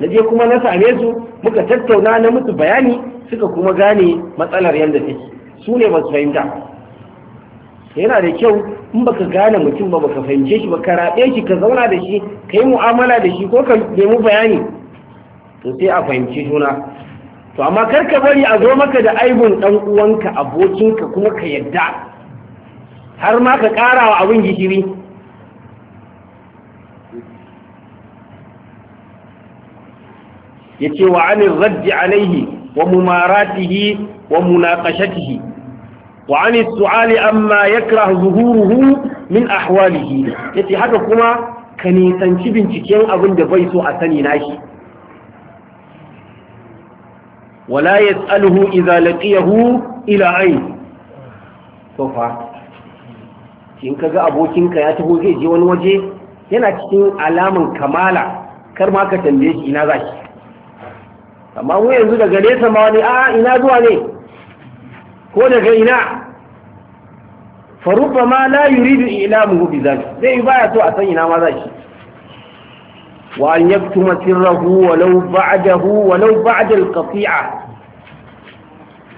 na je kuma na same su muka tattauna na musu bayani suka kuma gane matsalar yadda take su ne ba su fahimta yana da kyau in baka gane mutum ba baka fahimce shi ba ka raɓe shi ka zauna da shi ka yi mu'amala da shi ko ka nemi bayani to sai a fahimci juna to amma kar ka bari a zo maka da aibun ɗan uwanka abokinka kuma ka yadda har ma ka ƙara wa abin gishiri yace wa anil alaihi wa mumaratihi wa munaqashatihi wa ani su'ali amma yakrahu zuhuruhu min ahwalihi yace haka kuma ka nisanci binciken abin da bai so a sani nashi wala yas'aluhu idza laqiyahu ila ayn to fa in kaga abokinka ya taho zai je wani waje yana cikin alaman kamala kar ma ka tambaye shi ina zaki amma mu yanzu daga nesa ma wani a ina zuwa ne ko daga ina faruba ma la yuridu ilamuhu bi zalik zai baya so a san ina ma za shi wa an yaktuma sirrahu walau ba'dahu walau ba'da al-qati'a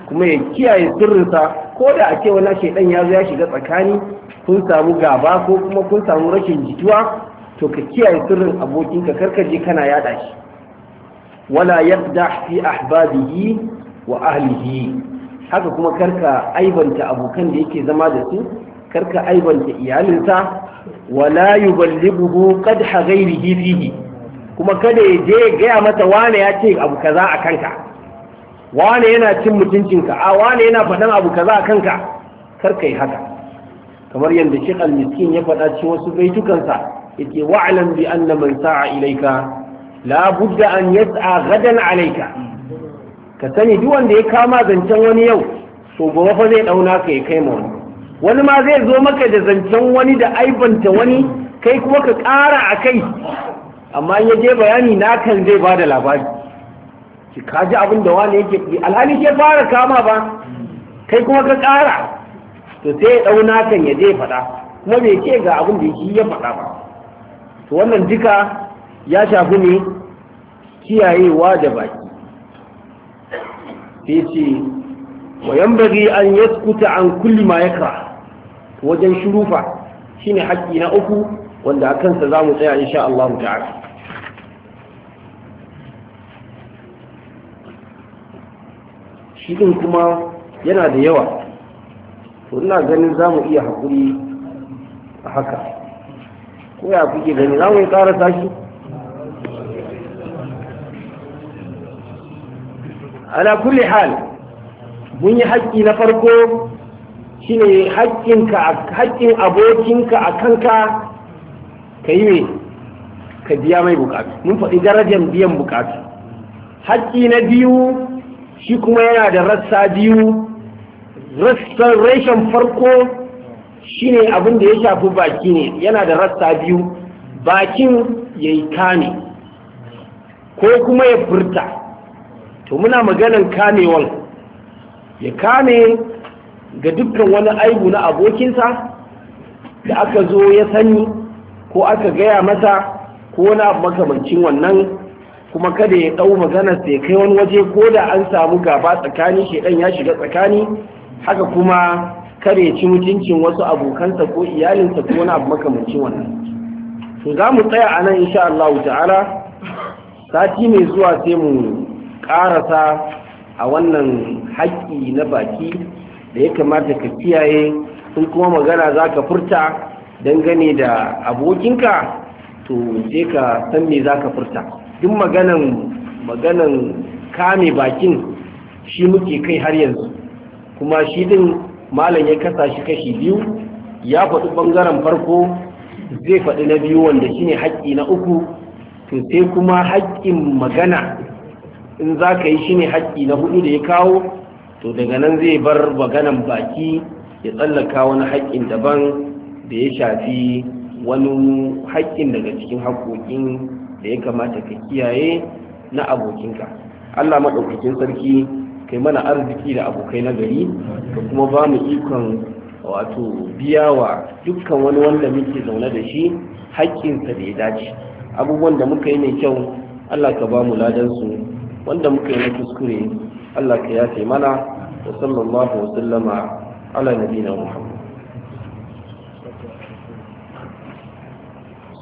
kuma ya kiyaye sirrinsa ko da a ce wani shedan ya zo ya shiga tsakani kun samu gaba ko kuma kun samu rashin jituwa to ka kiyaye sirrin abokinka karka je kana yada shi wala yabda fi ahbabihi wa ahlihi haka kuma karka aibanta abokan da yake zama da su karka aibanta iyalinsa wala yuballighu qadha ghayrihi fihi kuma kada ya je gaya mata wane ya ce abu kaza a kanka wane yana cin mutuncinka a wane yana faɗan abu kaza a kanka karka yi haka kamar yadda shi al-miskin ya faɗa cikin wasu baitukansa yake wa'lam bi anna man sa'a ilayka la budda an yas'a gadan alayka ka sani duk wanda ya kama zancen wani yau so gobe fa zai dauna ka ya kai ma wani wani ma zai zo maka da zancen wani da aibanta wani kai kuma ka ƙara a kai amma in ya je bayani na kan zai ba da labari ki kaji abin da wani yake ki alhali ke fara kama ba kai kuma ka ƙara to sai ya ɗauna kan ya je faɗa kuma bai ce ga abin da shi ya faɗa ba to wannan duka ya shafi ne kiyayewa da baki sai ce wa yambagi an yaskuta an kulli ma yakra wajen shurufa shine haƙƙi na uku wanda a kansa za mu tsaya insha Allah ta'ar shi ɗin kuma yana da yawa to ina ganin za mu iya haƙuri a haka ko ya kuke gani za mu yi ƙarasa shi ala kulli hal mun yi haƙƙi na farko shi ne, haƙƙin abokinka a kanka ka yi me ka biya mai bukatu mun faɗi darajar biyan bukatu haƙƙi na biyu shi kuma yana da rassa biyu rassan reshen farko ne abin da ya shafi baki ne yana da rassa biyu bakin ya yi kame ko kuma ya furta to muna maganan kamewan ya kame ga dukkan wani aibu na abokinsa da aka zo ya sani ko aka gaya mata ko wani abu makamancin wannan kuma kada ya ɗau maganar sai kai wani waje ko da an samu gaba tsakani shedan ya shiga tsakani haka kuma kare ci mutuncin wasu abokansa ko iyalinsa ko wani abu makamancin wannan to za mu tsaya a nan insha Allah ta'ala sati mai zuwa sai mu rasa a wannan haƙƙi na baki da ya kamata ka kiyaye sun kuma magana za ka furta dangane da abokinka to sai ka san me za ka furta duk maganan maganan kame bakin shi muke kai har yanzu kuma shi ɗin malam ya kasa shi kashi biyu ya faɗi ɓangaren farko zai faɗi na biyu wanda shine haƙƙi na uku to sai kuma haƙƙin magana in za ka yi shi ne haƙƙi na hudu da ya kawo to daga nan zai bar maganan baki ya tsallaka wani haƙƙin daban da ya shafi wani haƙƙin daga cikin haƙoƙin da ya kamata ka kiyaye na abokinka allah maɗaukakin sarki kai mana arziki da abokai na gari ka kuma ba mu ikon wato biya wa dukkan wani wanda muke zaune da shi haƙƙinsa da ya dace abubuwan da muka yi mai kyau allah ka ba mu ladansu wanda muka yi na kuskure Allah ka yafe mana wa sallallahu wa sallama ala nabiyina Muhammad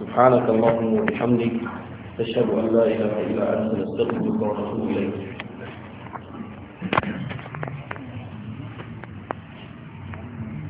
سبحانك اللهم وبحمدك أشهد أن لا إله إلا أنت نستغفرك ونتوب إليك